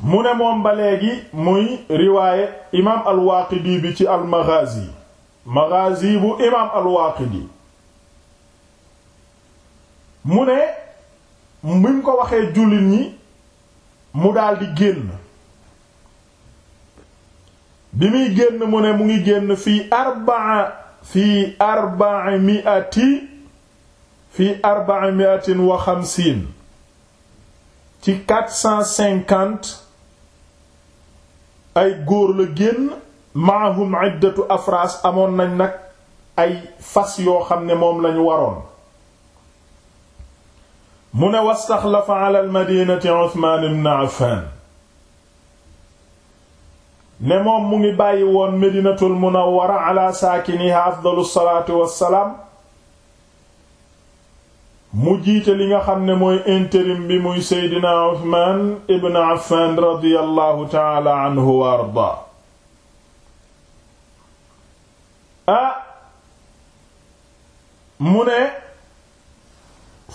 mu ne moom ba léegi muy riwaaye imaam al-Waaqidi bi ci al-Maghaazi Maghaazi bu imaam al-Waaqidi mu ne bi mu ko waxee jullit ñi mu daldi génn bi muy génn mu ne mu ngi génn fii arba'a fii arba'a mi'ati fii arba'imiatin wa xamsiin ci quatre cent ay góor la génn maahum iddatu afras amoon nañ nag ay fas yoo xam ne moom lañu waroon mu ne wastaxlafa ala almadinati Usmaan ne moom mu ngi bàyyi woon medinatul munawwara ala saakiniha afdalu salaatu wassalaam mu jiite li nga xam ne mooy intérim bi muy seydina Uthman ibn Affan radiyallahu taala anhu wa ardaa ah mu ne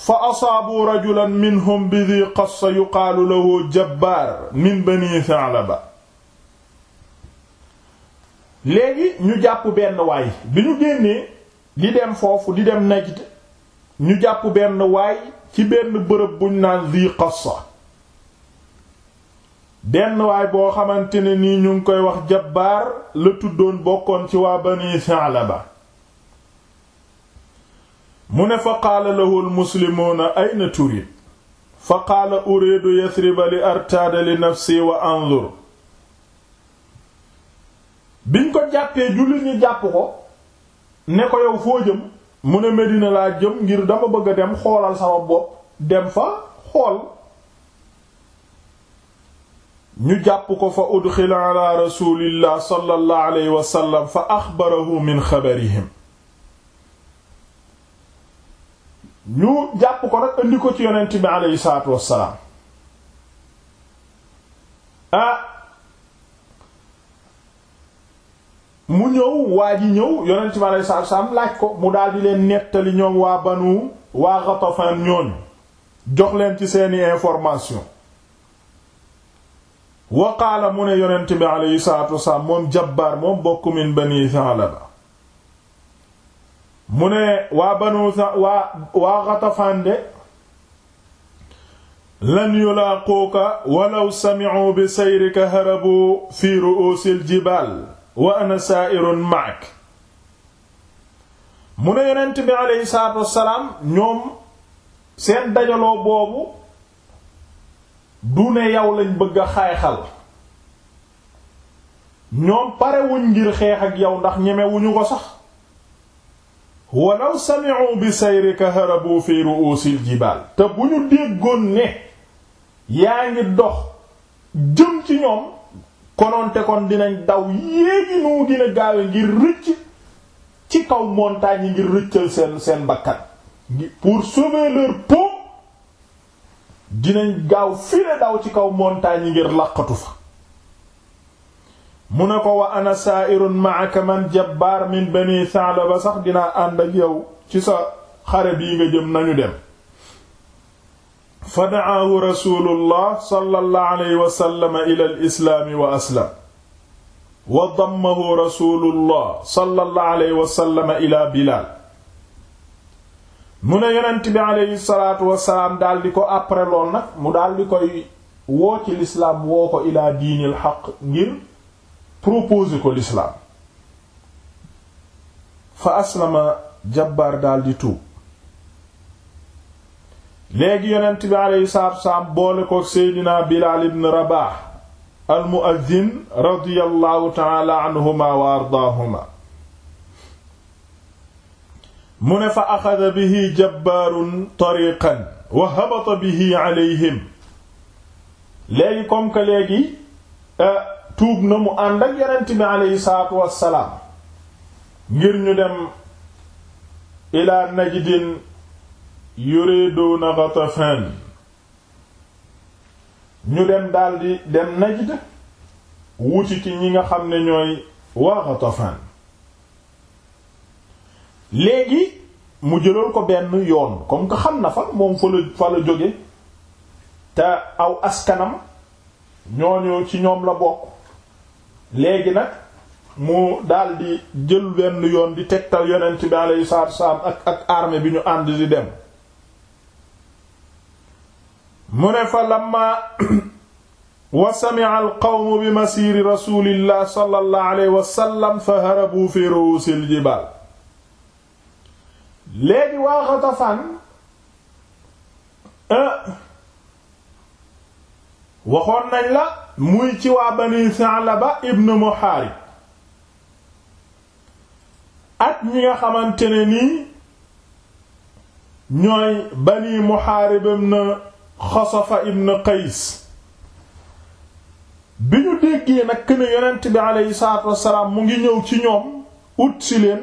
fa asaabu rajulan minhum bi dhi qassa yuqaalu lahu jabbaar min bani Tha'laba léegi ñu jàpp benn waay bi ñu génnee di dem foofu di dem Najd ñu jàpp benn waay ci benn bërëb buñ naan zi qassa benn waay boo xamante ne nii ñu ngi koy wax jabbaar la tuddoon bokkoon ci waa bani Sa'laba mu ne fa qaala lahu almuslimuuna ayna turid fa qaala uridu yasriba li nafsi wa anzur biñ ko jàppee julli ñu jàpp ko ne ko yow foo jëm mu ne Medina laa jëm ngir dama bëgg a dem xoolal sama bopp dem fa xool ñu jàpp ko fa udxila ala rasulillah sallallahu alayhi wa sallam fa axbarahu min xabarihim ñu jàpp ko nag andi ko ci yonent bi aleyhi salaatu mu ñëw waa ji ñëw yonent bi aleyhi salaatu salaam laaj ko mu daal leen nettali ñoom waa banu waa Ghatafan ñooñu jox ci seeni information waqaala mu ne yonent bi aleyhi salaatu wasalaam moom jabbaar moom bokk min bani Sa'laba mu ne waa banu waa waa Ghatafan de lan yulaaquuka walaw sami'u bi sayrika harabu fi ru'uusil jibaal wa ana saa'irun ma'ak mu ne yonent bi aleyhi salaatu wassalaam ñoom seen dajaloo boobu du ne yow lañ bëgg a xayxal ñoom parewuñ ngir xeex ak yow ndax ñemewuñu ko sax walaw sami'u bi sayrika harabu fi ru'usil jibaal te bu ñu déggoon ne yaa ngi dox jëm ci ñoom konoonte kon dinañ daw yéegi noo gën a gaawe ngir rëcc ci kaw montagne yi ngir rëccal seen seen bakkan pour sauver leur peau dinañ gaaw file daw ci kaw montagne yi ngir laqatu fa mu ne ko wa ana sa'irun ma'aka man jabbaar min bani Sa'laba sax dinaa ànd ak yow ci sa xare bii nga jëm nañu dem fadaahu rasulullah sallallahu alayhi wa sallam ila al aslam wa dammahu rasulullah sallallahu alayhi bilaal mu ne yonent bi aleyhi salaatu wasalaam ko après lool mu daldi koy woo ci lislaam woo ko ilaa diinil xaq ngir proposer ko lislaam fa aslama jabbaar daal di léegi yonent bi aleyhi salaatu wasalaam boole ko seydina bilaal ibn rabaah al muaddin radiyallahu taala anhuma wa ardaahuma mu ne fa axada bihi jabbaarun tariqan wa habata bihi aleyhim léegi comme que léegi eh, tuub na mu ànd ak yonent bi aleyhi salaatu wasalaam ngir ñu dem ila najdin yuriduuna Ghatafan ñu dem daldi dem Najd wuti ci ñi nga xam ne ñooy waa Ghatafan léegi mu jëlal ko benn yoon comme que xam na fa moom fa la jóge te aw askanam ñooñu ci ñoom la bokk léegi nag mu daldi jël benn yoon di tegtal yonent bi alayhi salaatu wa salaam ak ak bi ñu ànd di dem mu ne fa lamma wa sami'a alqawmu bi masiiri rasulillah sallallahu alayhi wa sallam fa harabu fi ruusil jibaal léegi waa Ghatafaan euh, waxoon nañ la muy ci waa bani Sa'laba ibn Muhaarib ak ñi nga xamante ne nii ñooy bani Muhaarib ibn xosofa ibn bi ñu déggee nag kën yonent bi aleyhi salaatu wassalaam mu ngi ñëw ci ñoom ut si leen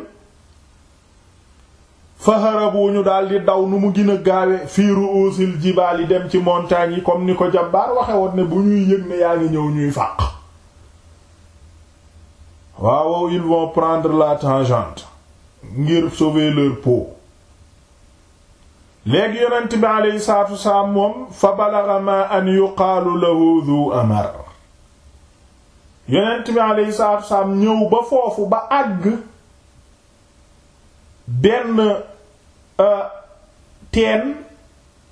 faharabu ñu daldi daw nu mu gën a gaawe fii ruusil jibaal yi dem ci montagnes yi comme ni ko jabbaar waxe woon ne bu ñuy yëg ne yaa ngi ñëw ñuy fàq waaw ils vont prendre la tangente ngir sauver leur peau léegi yonent bi aleyhi salaatu wasalaam moom fa balaga ma an yuqaalu lahu du amar yonent bi aleyhi salaatu ñëw ba foofu ba àgg benn euh, teen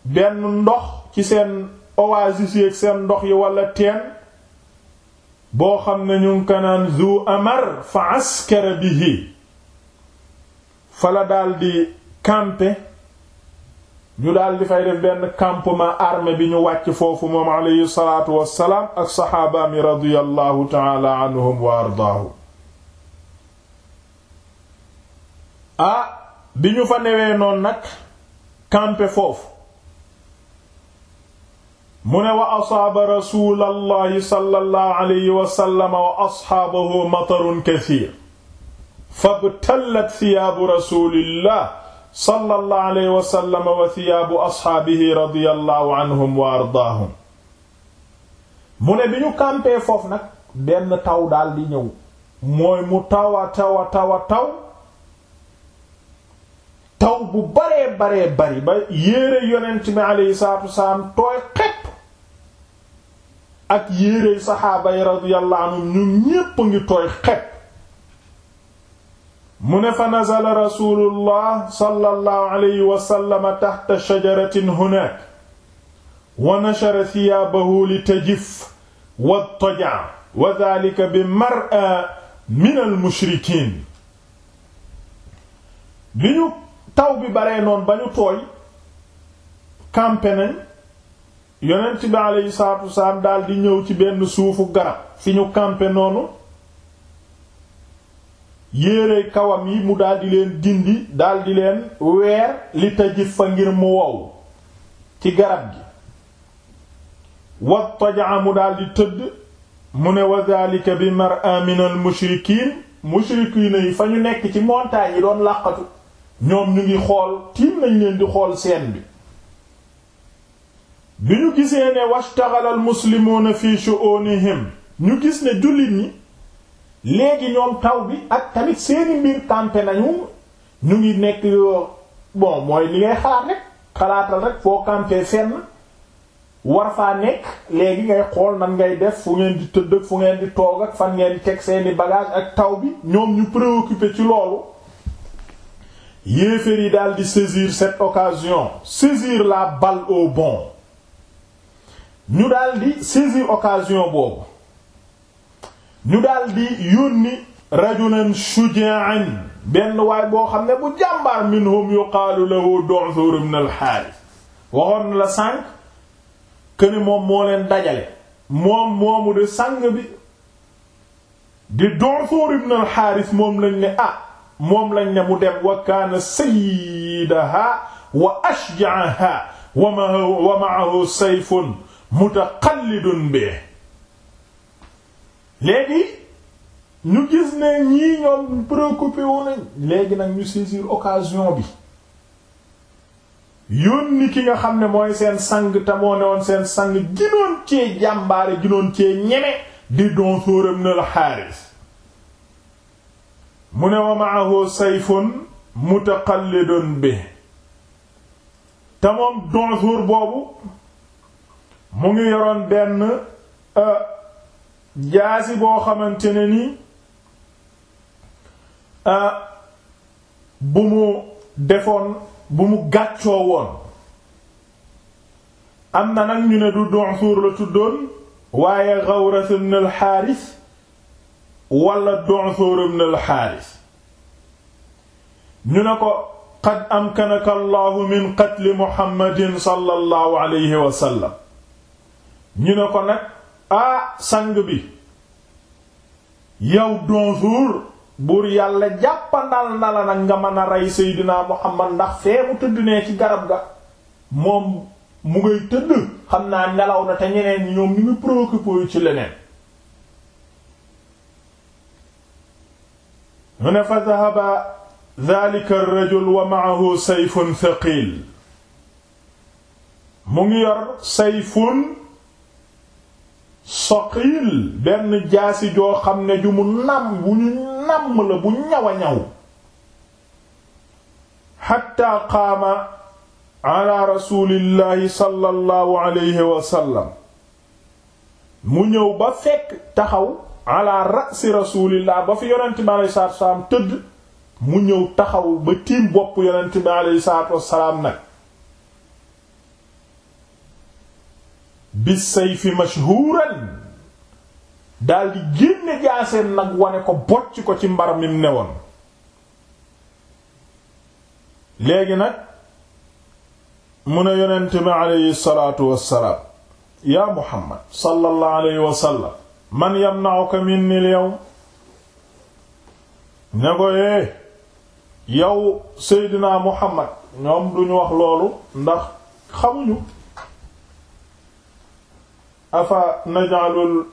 benn ndox ci seen oasis yi ak seen ndox yi walla teen boo xam ne ñu ngi ko amar fa askara bihi fa la di camper ñu daal di fay def benn campement armé bi ñu wàcc foofu moom alayhi salaatu wassalaam ak saxaabaami radiyallahu taala anhum wa ardaahum ah bi ñu fa newee noonu nag campé foofu mu ne wa asaaba rasuulallahi sallallahu alayhi wa sallam wa asxaabahu matarun kasiir fabtallat siyaabu rasulillah sallallahu alayhi wa sallam wa thiyaabu asxaabihi radiyallahu wa ardaahum mu ne bi ñu campé foofu nag benn taw daal di ñëw mooy mu tawa tawa tawa taw taw bu baree baree bari ba yére yonent bi salaatu wasalaam tooy xepp ak yére saxaaba yi radiyallahu anhum ñun ñépp ngi tooy xepp mu ne fa nazala rasulullah sallallahu alayhi wa sallam taxta shajaratin hunaak wa nashara thiyaabahu li wa tojaa wa dhalika bi mar'a min al mushrikiin bi ñu taw bi baree noon ba ñu tooy kampe nañ yonent bi aleyhi salaatu wasalaam daal di ñëw ci benn suufu garab fi ñu kampe noonu yéere kawam yi mu daldi leen dindi daldi leen weer li tajif fa ngir mu wow ci garab gi wattaja mu daldi tëdd mu ne wa bi mar'a min al mushrikiin mushrikiina yi fa ñu nekk ci montagne yi doon làqatu ñoom ñu ngi xool tiim nañ leen di xool seen bi bi ñu gisee ne washtaghal al muslimuuna fi shu'unihim ñu gis ne jullit ñi léegi ñoom taw bi ak tamit seeni mbir tàmpe nañu ñu ngi nekk bon mooy li ngay xalaat rek xalaatal rek foo campé fenn war faa nekk léegi ngay xool nan ngay def fu ngeen di tëdd fu ngeen di toog fan ngeen di teg seeni bagage ak taw bi ñoom ñu préoccupé ci loolu yéeféer yi daal di saisir cette occasion saisir la balle au bon ñu dal di saisir occasion boobu ñu daldi yónni rajulan shuja'an benn waay boo xam ne bu jàmbaar minhum yuqaalu lahu Du'thur ibn al-Harith waxoon la sànq këni moom moo leen dajale moom moomu de sang di Du'thur ibn al moom lañ ne ah moom lañ ne mu dem wa kaana sayyidaha wa ashja'aha wa ma'ahu sayfun mutaqallidun bihi léegi ñu gis ne ñii ñoom préoccupé woon nañ léegi nag ñu saisir occasion bi yónni ki nga xam ne mooy seen sang te ne woon seen sang ginoon cee jàmbaare ginoon cee ñeme di doon sóoram na la xaaris mu ne wa ma'ahu sayfun mutaqallidun bi te moom donsuur boobu mu ngi yoroon benn euh, jaasi boo xamante ne ni ah, bu mu defoon bu mu gàccoo woon am na nag ñu ne du Du'thur la tuddoon waaye Ghawras ibn al-Harith wala Du'thur ibn ñu ne ko qad amkanaka Allahu min qatli Muhammadin sallallahu alayhi wa sallam ñu ne ko nag ah sang bi yow donjour buur yàlla jàppa na la nag nga mën a rey Seydina Muhammad ndax fee mu tëdd nee ci garab ga moom mu ngay tëdd xam naa nelaw na te ñeneen ñi ñoom ñu ngi préoccupé yu ci leneen mu ne fa dahaba dhalika rajul wa ma'ahu sayfun thaqil mu ngi yor sayfun soqiil benn jaasi joo xam ne ju mu nam bu ñu nam la bu ñaw a ñaw xatta qaama ala rasulillahi sallallahu alayhi wa mu ñëw ba fekk taxaw ala rasi rasulillah ba fi yonent bi alayhi salaatu salaam tëdd mu ñëw taxaw ba tiim bopp yonent bi alayhi salaatu wa salaam nag bi sayfi mashhuran daldi génne jaaseen nag wane ko bocc ko ci mbar mi ne woon léegi nag mu ne yonent bi aleyhi salaatu wassalaam yaa muhammad sallallahu alayhi wa sallam man yamna'uka minni al-yawm ne ko eh yow seydinaa muhammad ñoom duñu wax loolu ndax xamuñu afa najalul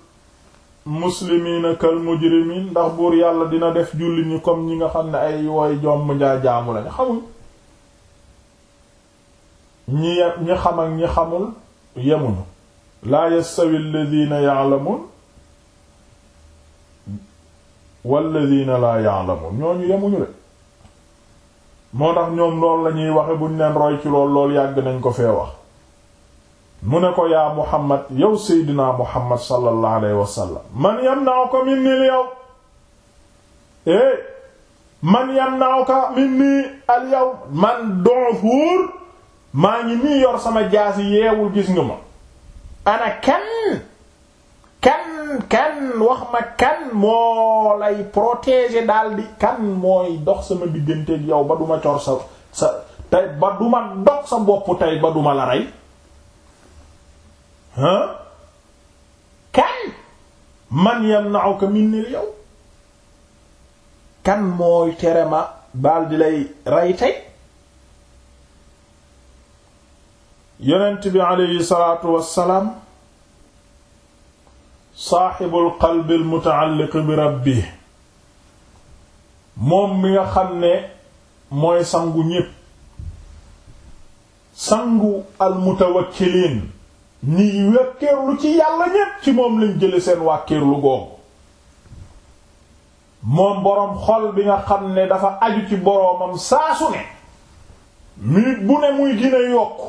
muslimiina kal mujrimiin ndax buur yàlla dina def jullit ñi comme ñi nga xam ne ay woy jomm njaa jaamu lañu xamuñ ñi ñi xam ak ñi xamul yemuñu laa yastawi alladina ya'lamun walladina laa ya'lamun ñooñu yemuñu le moo tax ñoom lool lañuy waxe buñ leen roy lool lool yàgg nañ ko fee wax mu ne ko yaa Muhammad yow Seydina Muhammad sallallahu alayhi wa sallam man yamna'uka minni al-yawm eh man yamna'uka minni al-yawm man Du'fur maa ngi nii yor sama jaasi yeewul gis nga ma ana kan kan kan wax ma kan moo lay protéger daldi kan mooy dox sama digganteeg yow ba duma cor sa sa tey ba duma dox sa bopp tey ba duma la rey ah kan man yamna'uka minni al yawm kan mooy tere ma baal di lay rey tey yonent bi aleyhi salaatu wassalaam saaxibul qalbi al bi rabbih moom mi nga xam ne mooy sangu ñépp sangu al ñi wàkkeerlu ci yàlla ñépp ci moom lañ jële seen wàkkeerlu googu moom boroom xol bi nga xam ne dafa aju ci boroomam saa su ne minute bu ne muy gën yokk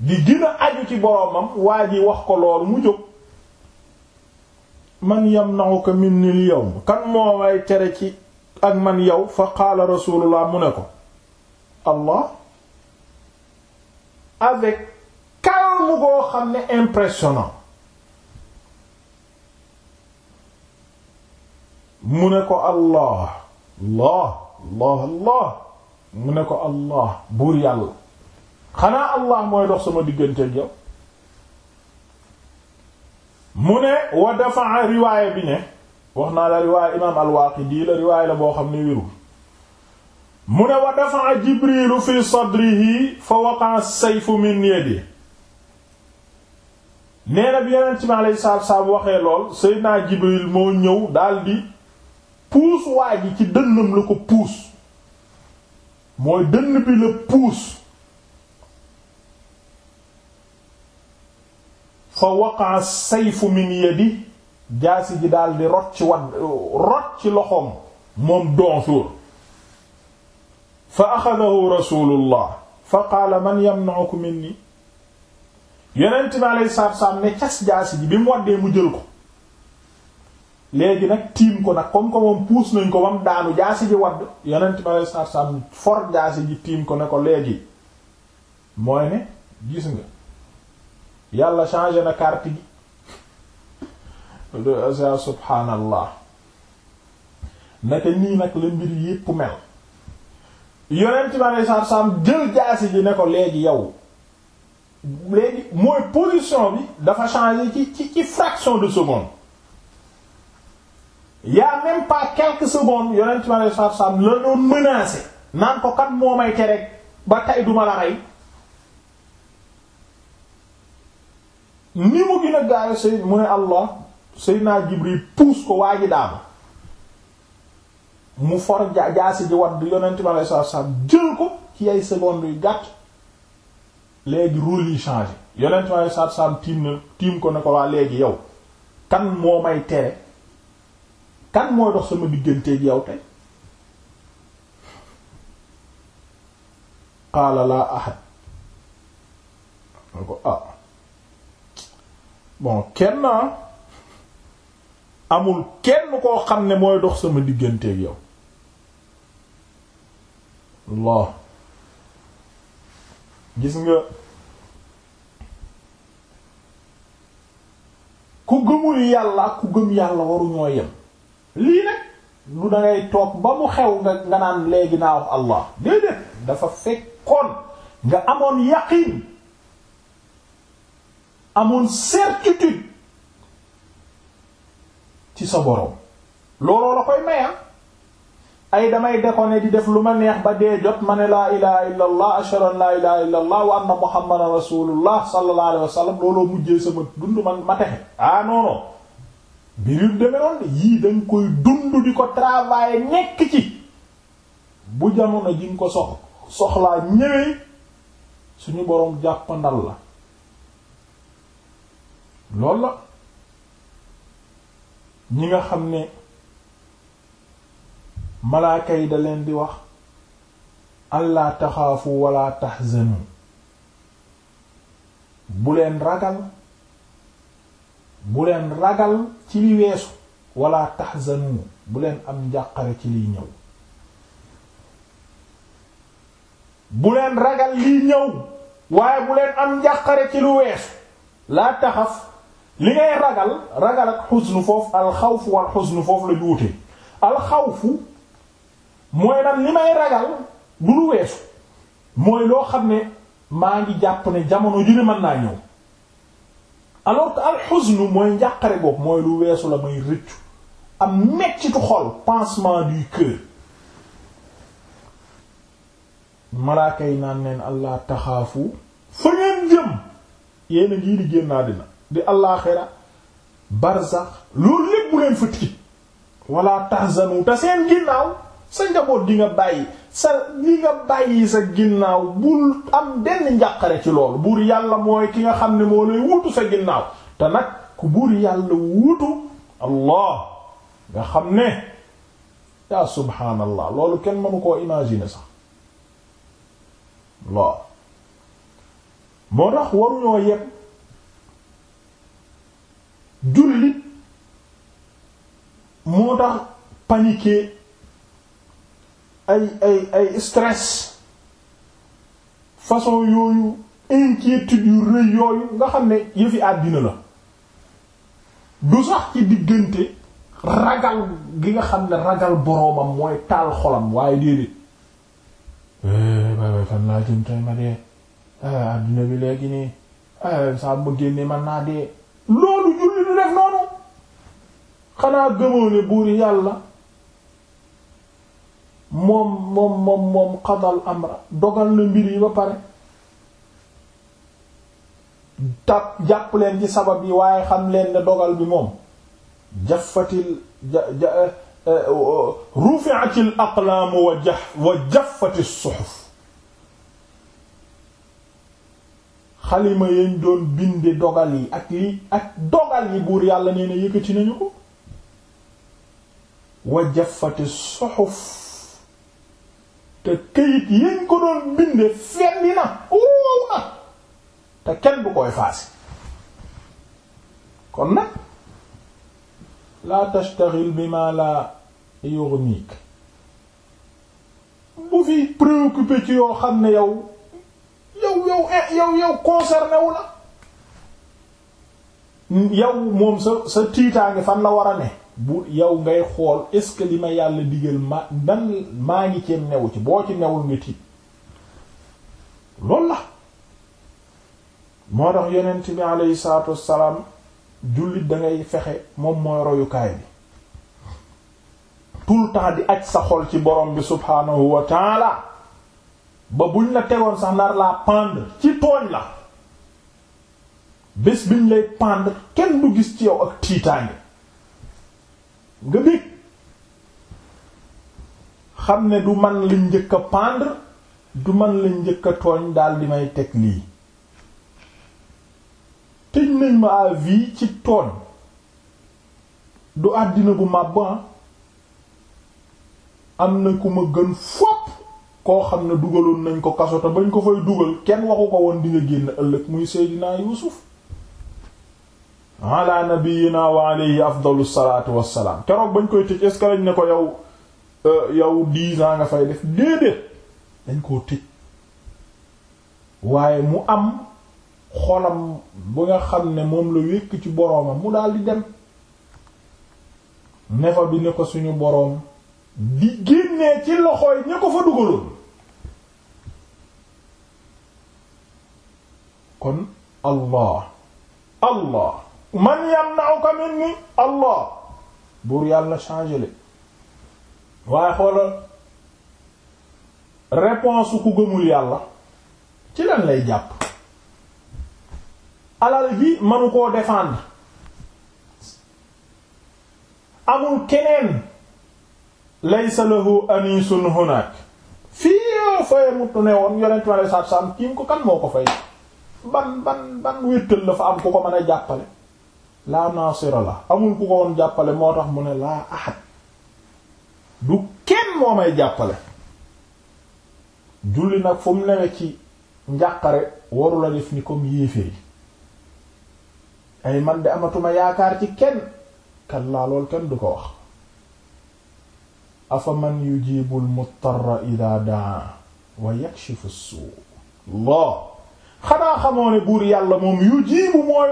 di gën aju ci boroomam waa ji wax ko loolu mu jóg man yamna'uka minni al-yawm kan moo way tere ci ak man yow fa qaala rasulullah mu ne ko allah avec calme goo xam ne impressionnant mu ne ko allah allah allah mu ne ko allah buur yàlla xanaa allah mooy dox sama digganteeg yow mu ne wa dafa riwaaya bi ne wax naa la riwaaya imaam al-Waaqidi la riwaaya la boo xam ne wérul mu ne wa dafa jibrilu fi sadrihi fa waqa'a as-sayfu min yadihi nee na bi yonent bi alayhi salaatu waxee lool Seydina Jibril moo ñëw daldi puus waa ji ci dënnam la ko puus mooy dënn bi la puus fa waqaa sayfu min yadi jaasi ji daldi rot ci wadd rot ci loxoom moom donsuur fa axadahu rasulullah fa qaala man yamna'uka minni yonent bi alayhi salaatu salaam ne cas jaasi ji bi mu waddee mu jël ko léegi nag tiim ko nag comme que puus nañ ko ba mu daanu jaasi ji wadd yonent bi alayhi salaatu salaam for jaasi ji tiim ko ne ko léegi mooy ne gis nga yàlla changé na carte gi sa subhaanallah nii nag la mbir yépp mel yonent bi alayhi salaatu salaam jël jaasi ji ne ko léegi yow léegi mooy position bi dafa changer ci ci ci fraction de seconde y'a même pas quelques secondes yonent ma alei satu salaam la doon menacer naan ko kat moo may ba tay duma la rey ni mu gën a gaawe mu ne allah Seydina Jibril puus ko waa ji daama mu for jaasi ji wadd yonent ma alei satu salaam jël ko ci ay secondes yu gàtt léegi rôle yi changé yonent waaye saat saam tiim na tiim ko ne ko waa léegi yow kan moo may tere kan mooy dox sama digganteeg yow tey qaala laa ahad ko ah bon kenn ah, amul kenn koo xam ne mooy dox sama digganteeg yow Allah gis nga ku gëmul yàlla ak ku gëm yàlla waruñoo yem lii nag lu da ngay toog ba mu xew nga nga naan léegi naa wax allah déedéet dafa fekkoon nga amoon yaqin amoon certitude ci sa boroom looloo la koy maya ay damay dekone di def lu ma neex ba dee jot ma ne laa ilaha illa allah ashhadu an laa ilaha illa allah wa anna muhammadan rasulullah sallallahu alayhi looloo mujjee sama dund man ma texe ah non non mbirut deme noon yii da koy dund di ko travailler nekk ci bu jamono ji nga ko sox soxlaa ñëwee suñu boroom jàppandal la loolu la ñi nga xam ne malaaka yi da leen di wax allah taxaafu wala tahzanu bu leen ragal bu leen ragal ci li weesu wala tahzanu bu leen am njàqare ci li ñëw bu leen ragal liy ñëw waaye bu leen am njàqare ci lu weesu laa taxaf li ngay ragal ragal ak xusnu foofu alxawfu wal xusnu foofu la juute alxawfu mooy nag ni may ragal du lu weesu mooy loo xam ne maa ngi jàpp ne jamono ju ne mën naa ñëw alors que alxusnu mooy njàqare boobu mooy lu weesu la may rëccu am mettitu xol pansement du cœur malaaka yi naan neen allah taxaafu fa ngeen jëm yéena ngii di génn naa dina di allaaxira barzax loolu lépp bu leen fa tiit wala tahzanu te seen ginnaaw sa njaboot di nga bàyyi sa li bàyyi sa ginnaaw bul am benn njàqare ci loolu buur yàlla mooy ki nga xam ne moo lay wutu sa ginnaaw te nag ku buur yàlla wutu allah nga xam ne yaa subhaanallah loolu kenn mënu koo imaginer sax waaw moo tax waruñoo yépp jullit moo tax paniquer ay ay ay stress façon yooyu inquiétude yu rëy yooyu nga xam ne yëfi àddina la du sax ci diggante ragal gi nga xam ne ragal boroomam mooy taal xolam waaye déedéet eh, bay bay fan laa jëm tay ma dee eh, àddina bi léegi nii eh, saa ma génne man naa dee loolu julli du def noonu xanaa gëmoo buur yàlla moom moom moom moom amra dogal na mbir yi ba pare tap jàpp leen ci sabab yi waaye xam leen dogal bi moom jafatil ja eh, eh, rufi'atil aqlaam wa ja wa jafatil suhuf xalima yañ doon binde dogal yi ak li ak dogal yi buur yàlla nee na yëkkati nañu ko wa jafati suhuf te këyit yiñ ko doon binde fenni na wow na te kenn bu koy faasi kon nag laa tashtaghil bima laa yughnik bu fi préoccupé ci yoo xam ne yow yow yow eh, yow yow concerné wu la yow moom sa sa tiitaange fan la war a bu yow ngay xool est-ce que yàlla digal ma nan maa ngi cee newu ci boo ci newul nga tiit loolu la moo tax yonent bi aleyhi salaatu wassalaam jullit da fexe moom mooy royukaay bi tout le temps di aj sa xol ci borom bi subhaanahu wa taala ba buñ la tegoon sax nar laa pendre ci tooñ la bés biñ lay pendre kenn du gis ci yow ak tiitaange nga bég xam ne du man lañ njëkk a du man lañ jëkka a tooñ daal di may teg lii tëj nañ ma à ci tooñ du àddina bu màbb ah. am na ku ma gën fopp koo xam ne dugaloon nañ ko kaso bañ ko fay dugal kenn waxu ko woon di nga génn ëllëg muy Seydina Yuusuf ala nabiyyina wa alayhi bañ koy tëj ne ko yow euh, yow dix nga fay def déedéet dañ waaye mu am xolam bu nga xam ne moom la wékk ci boroomam mu daal di dem nefa bi ne ko suñu boroom di génnee ci loxooy ña ko fa dugaloon kon allah allah man yamna'uka minni allah buur yàlla changé le waaye xoolal réponse ku gëmul yàlla ci lan lay jàpp alal ji manu koo défendre amul keneen laysa lahu anisun hunak fii faye muttu ne woon yonent mi alei satu salaam ki ko kan moo ko fay ban ban ban wéttal dafa am ku ko mën a jàppale laa naasira la amul ku ko woon jàppale moo tax mu ne laa ahad du kenn moo may jàppale julli nag fu mu newee ci njàqare waru la def ni comme yéeféer yi ay man de amatuma yaakaar ci kenn kan lool kenn du ko wax afa man yujibul muttarra ida daa wa yakshifu suu Allah xanaa xamoo ne buur yàlla moom yujibu mooy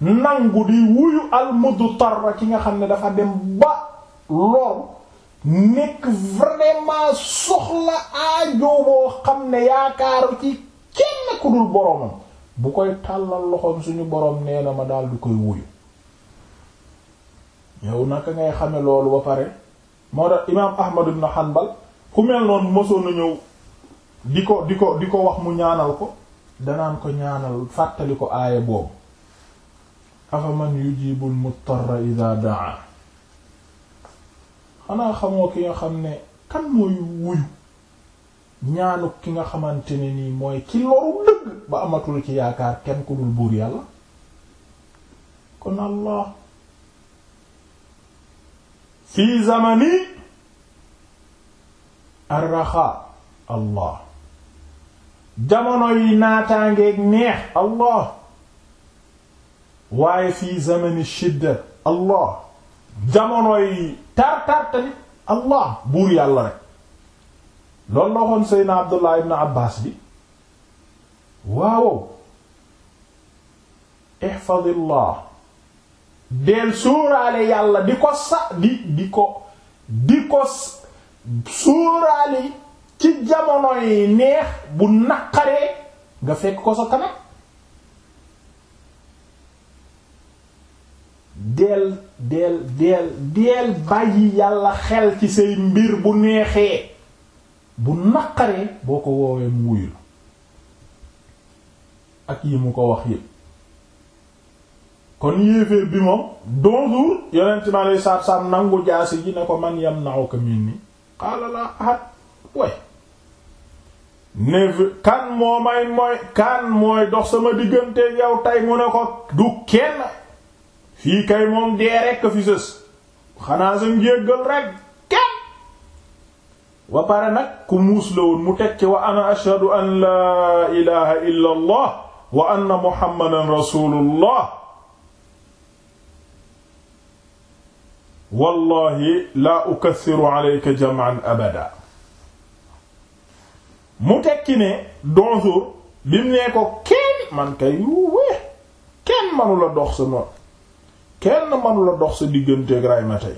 nangu di wuyu almudtarra ki nga xam ne dafa dem ba lool nekk vraiment soxla aajo boo xam ne yaakaaru ci kenn ku dul boromam bu koy tàllal loxoom suñu borom nee na ma daal di koy wuyu yow naka ngay xame loolu ba pare moo tax imaam Ahmad ibn Hanbal ku mel noonu mosoon na ñëw di ko di ko di ko wax mu ñaanal ko danaan ko ñaanal fàttali ko aaya boobu afaman yujibul muttarra idha daa xanaa xamoo ki nga xam ne kan mooy wuyu ñaanu ki nga xamante ne nii mooy ki loru dëgg ba amatul ci yaakaar kenn ku buur yàlla kon allah fi zamani arraxa allah jamono yi naataangeeg neex allah waaye fii zamani shidda allah jamonoy tar tar tamit allah buur yàlla rek loolu la waxoon seydna abdullah ibn abbas bi waaw ihfadillah deel suuraale yàlla di ko sa di di ko di ko suuraale ci jamonoy neex bu naqaree nga fekk ko sa kanam deel deel deel bàyyi yàlla xel ci say mbir bu neexee bu naqaree boo ko woowee mu wuyu ak yi mu ko wax yépp kon yéeféer bi moom donjour yonent mi alei saatu salaam nangu jaasi ji ne ko man yam naoka min ni xaala la ahad way ne kan moo may mooy kan mooy dox sama diggante yow tey mu ne ko du kenn fii kay moom dee rekk fi sës xanaa sa njéggal rekk kenn ba pare nag ku muus la mu teg ci wa ana ashhadu an laa ilaha illa allah wa anna muhammadan rasulullah wallahi laa ukathiru alayka jam'an abada mu tekki ne donjour bi mu nee ko kenn man kay yuuwee kenn manu la dox sama kenn manula dox sa digganteeg ray ma tey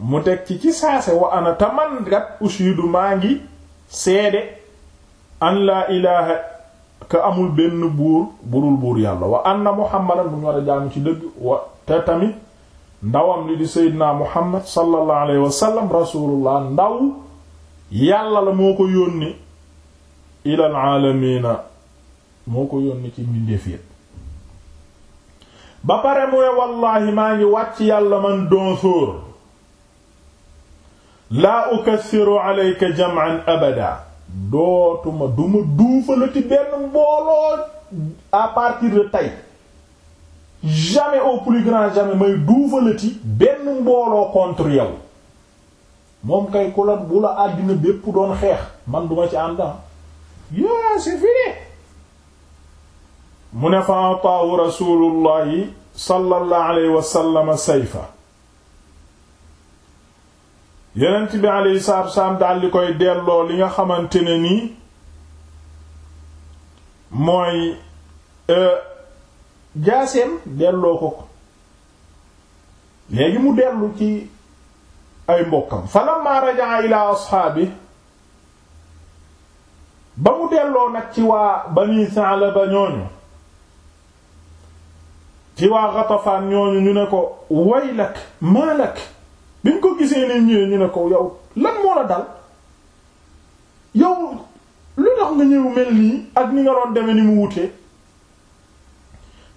mu teg ci ci saase wa ana taman kat ushidu maa ngi seede an laa ilaha ka amul benn buur burul buur yàlla wa anna muhammadan bu ñu war a ci dëgg te tamit ndawam li di seydinaa muhammad sallallahu alayhi wa sallam ndaw yàlla la moo ko yónni ilal aalamiina moo ko yónnee ci mbindeef yépp ba pare mu wallaahi maa ngi wàcc yàlla man Donsoor laa ukassiru alayka jam'an abada dootuma duma duufalati benn mbooloo à de tey jamais au plus grand jamais may duufalati benn mbooloo contre yow moom kay ku bu la àddina bépp doon xeex man duma ci ànda yaa c'est fini mu ne fa ataahu rasulullahi sallallahu alayhi wasallama sayfa yonent bi alayhi salaatu wasalaam daldi koy delloo li nga xamante ne nii mooy euh, jaaseem delloo ko ko léegi mu dellu ci ay mbokkam falamma rajaa ila asxaabi ba mu delloo nag ci waa bani Sa'laba ñooñu ci waa Ghatafaan ñooñu ñu ne ko waylak maalak bi ñu ko gisee ne ñëwee ñu ne ko yow lan moo la dal yow lu tax nga ñëw mel nii ak ni nga doon deme ni mu wutee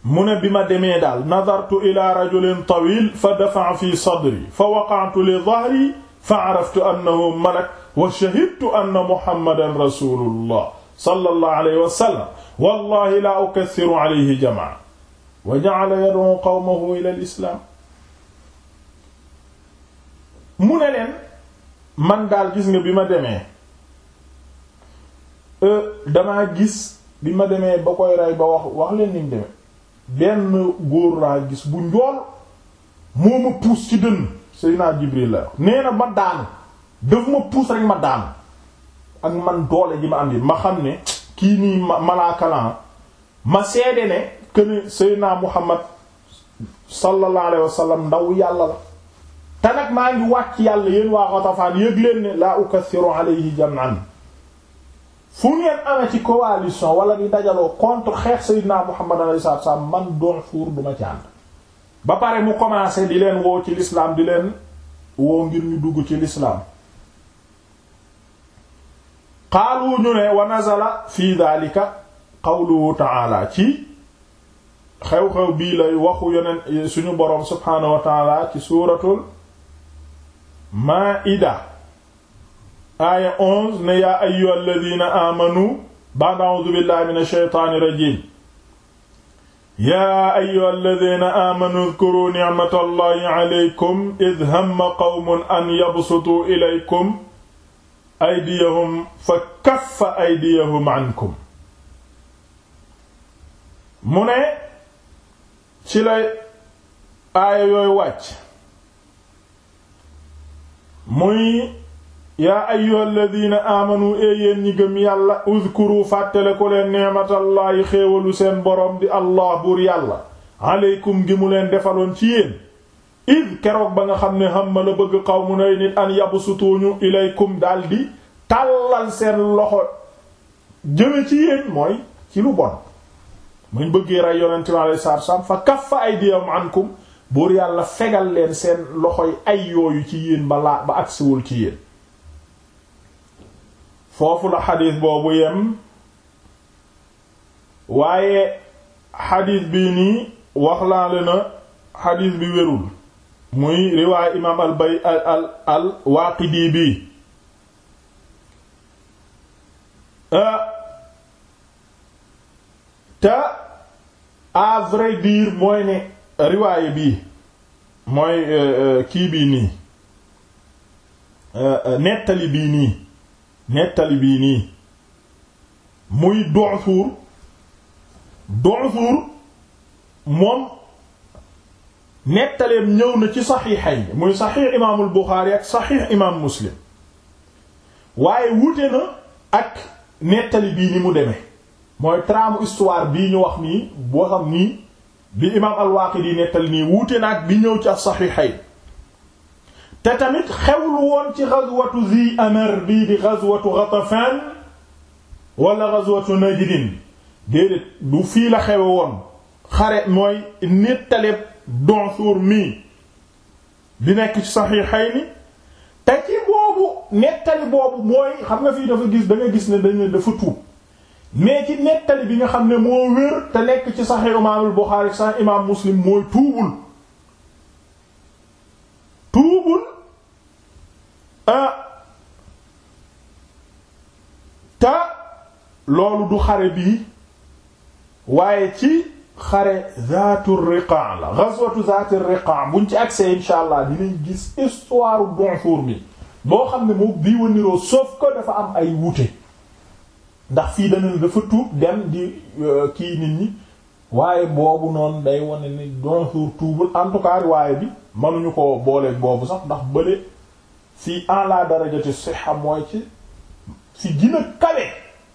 mu ne bi ma demee daal nadartu ila rajulin tawil fa dafa'a fi sadri fa waqa'tu li dhahri fa 'araftu annahu malak wa shahidtu anna muhammadan rasulullah sallallahu alayhi wa sallam wallahi la ukaththiru alayhi jama'a wa ja'ala yad'u qawmahu ila al islaam mu ne leen man daal gis nga bi ma demee euh, damaa gis bi ma demee ba koy rey ba wax wax leen niñ demee benn góor laa gis bu njool moo ma puus ci dënn Seydina Jibril la wax nee na ma daanu daf ma puus rek ma daanu ak man doole ji ma am ma xam ne kii nii ma malaakalaan ma seede ne këne Seydina Muhammad sallallahu alayhi wasallam ndaw yàlla la te nag maa ngi wàcc yàlla yéen waa Ghatafan yëg leen ne laa ukathiru alayhi jam'an fu ngeen amee ci coalition wala di dajaloo contre xeex Seydina Muhammad alayhi wasallam man doon fuur duma ci ànd ba pare mu commencé di leen woo ci l'islam di leen woo ngir ñu dugg ci l'islam qaalu ñu ne wa nazala fi dhalika qawluhu ta'ala ci xew-xew bii lay waxu yeneen suñu boroom subhaanahu wa taala ci suuratul maa'ida aaya 11 ne yaa ayyuhal ladina amanu ba'da a'uuzu billahi minash shaytaani rajiim yaa ayyuhal ladina amanu udkuru ni'matallahi alaykum id hamma qawmun an yabsutu ilaykum aydiyahum fa kaffa aydiyahum ankum mu ne ci lay aaya yooyu wàcc muy yaa ayyuhalladhina amanu ee yéen ñi gëm yàlla uzkuru fàttale ko leen neematallaahi xéewalu seen boroom di allah buur yàlla aleykum gi mu leen defaloon ci yéen id keroog ba nga xam ne hamma la bëgg qawmun ay nit an yabsutuñu ilaykum daldi tàllal seen loxo jëme ci yéen mooy ci lu bon muñ bëggee rey yonent bi alayhi salaatu wasallam fa kaffa aydiyahum ankum buur yàlla fegal leen seen loxoy ay yooyu ci yéen ba laa ba agsiwul ci yéen foofu la xadiis boobu yem waaye xadiis bi nii wax laa le na xadiis bi wérul muy riwaay imaam al bay al al waaqidi bi ah, ta à vrai dire mooy ne riwaaye bii mooy euh, euh, kii bii nii euh, nettali bii nii nettali bii nii muy Du'fur moom nettaleem ñëw na ci saxiixayn muy saxiix imaamul Buxaari ak saxiix imaam Muslim waaye wute na ak nettali bii ni mu demee mooy traamu histoire bii ñu wax nii boo xam nii bi imaam al-Waaqidi nettali nii wuute naag bi ñëw ci as-Sahihayn te tamit xewlu woon ci ghazwatu Zi Amar bii di ghazwatu Ghatafan wala ghazwatu Najdin déedéet du fii la xewe woon xare mooy nettaleeb Dunsur mii di nekk ci Sahihayn te ci boobu nettali boobu mooy xam nga fii dafa gis da gis ne dañ dafa tuub mais ci nettali bi nga xam ne moo wér te lekk ci saxi imaamul Buxaari sax imaam Muslim mooy tuubul tuubul ah te loolu du xare bi waaye ci xare zaatu riqa la ghazwatu zaatu riqa buñ ci agsee insha allah dinañ gis histoire Dunfur mi boo xam ne moo bii waniroo sauf que dafa am ay wuute ndax fii dana dafa tuub dem di euh, kii nit ñi waaye boobu noonu day wane ni doon suur tuubul en tout cas waaye bi mënuñu ko booleeg boobu sax ndax bële fii en la darajati sihha mooy ci si gën a kawe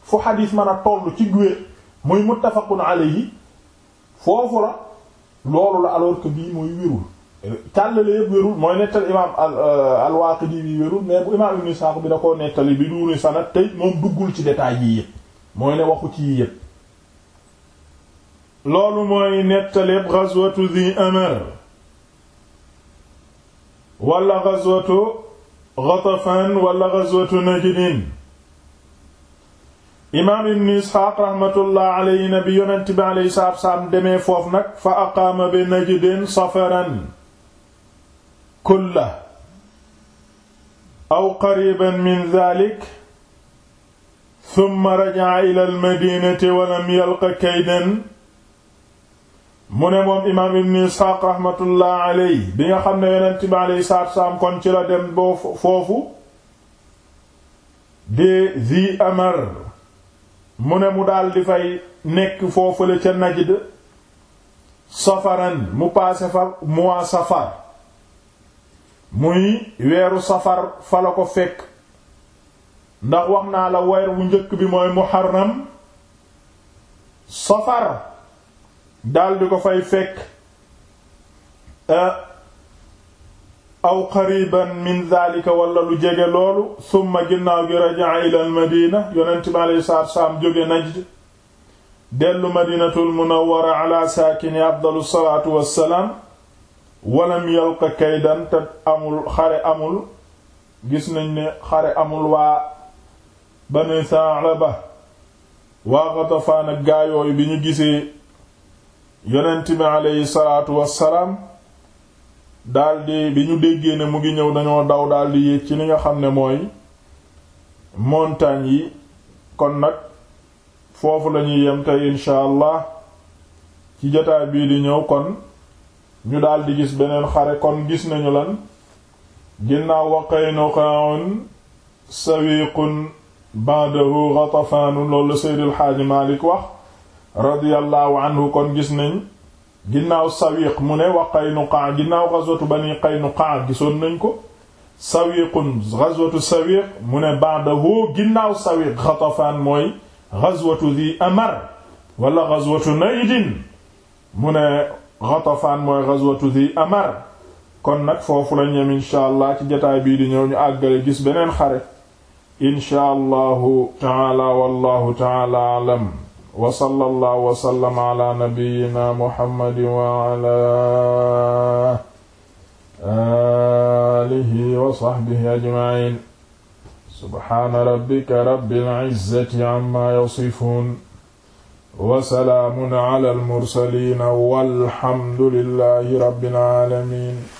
fu xadiis mën a toll ci guwee muy muttafaqun yi foofu la loolu la alors que bii mooy wirul càllale yëpp wérul mooy nettali imaam euh, al-Waaqidi bi wérul mais bu imaam Ibn Isaaq bi da koo nettali bi duuni sanad tey moom duggul ci détail yi yëpp mooy ne waxu ci yii yëpp loolu mooy nettali yëpp ghazwatu Dhi Amr wala ghazwatu Ghatafan wala ghazwatu imaam Ibn Isxaaq raxmatullah alayhi nabi yonent bi alayhi salaatu salaam demee foofu nag fa aqaama bi Najdin safaran kulla aw qariban min dalik summa rajaca ila almadinati walam yalqa kaydan mu ne moom imaam ibn isxaaq raxmatullah aley bi nga xam ne yonent bi aleyhi salaatu salaam kon ci la dem boo foofu de zi amar mu ne mu daal di fay nekk foofule ca najd safaran mu paase fa mois safar muy weeru safar fa la ko fekk ndax wax naa la weer wu njëkk bi mooy muharram safar daldi ko fay fekk aw qariban min daalika wala lu jege loolu summa ginnaaw gi rajaa ila al madina yonent bi alayhi salaatu salaam jóge najd dellu madinatul munawwara ala saakini afdalu salaatu wassalaam walam yalqa kaydan te amul xare amul gis nañ ne xare amul waa bani Sa'laba waa Ghatafaan ak bi ñu gisee yonent bi aleyhi salaatu wassalaam daldi bi ñu déggee ne mu ngi ñëw dañoo daw daldi yéeg ci li nga xam ne mooy montagne yi kon nag foofu lañuy yem tey incha allah ci jotaay bii di ñëw kon ñu daal di gis beneen xare kon gis nañu lan ginnaaw wa Qaynuqaa'un sawiqun ba'dahu Ghatafaan loolu la Seydil Xaaji Maalik wax radiyallahu anhu kon gis nañ ginnaaw sawiq mu ne wa Qaynuqaa ginnaaw ghazwatu Bani Qaynuqaa gisoon nañ ko sawiqun ghazwatu sawiq mu ne ba'dahu ginnaaw sawiq Ghatafaan mooy ghazwatu Dhi Amar wala ghazwatu Naydin mu ne Ghatafaan mooy ghazwatu Dhi Amar kon nag foofu lañ yem incha allah ci jotaay bii di ñëw ñu àggale gis beneen xare incha allahu taala wallahu taala alam wa sallallahu wa sallama ala nabiyyina muhammadin wa ala alihi wa sahbihi ajma'in subhana rabbika rabbil izzati amma yasifun wasalaamun ala almursaliina walhamdulillahi rabbil aalamiin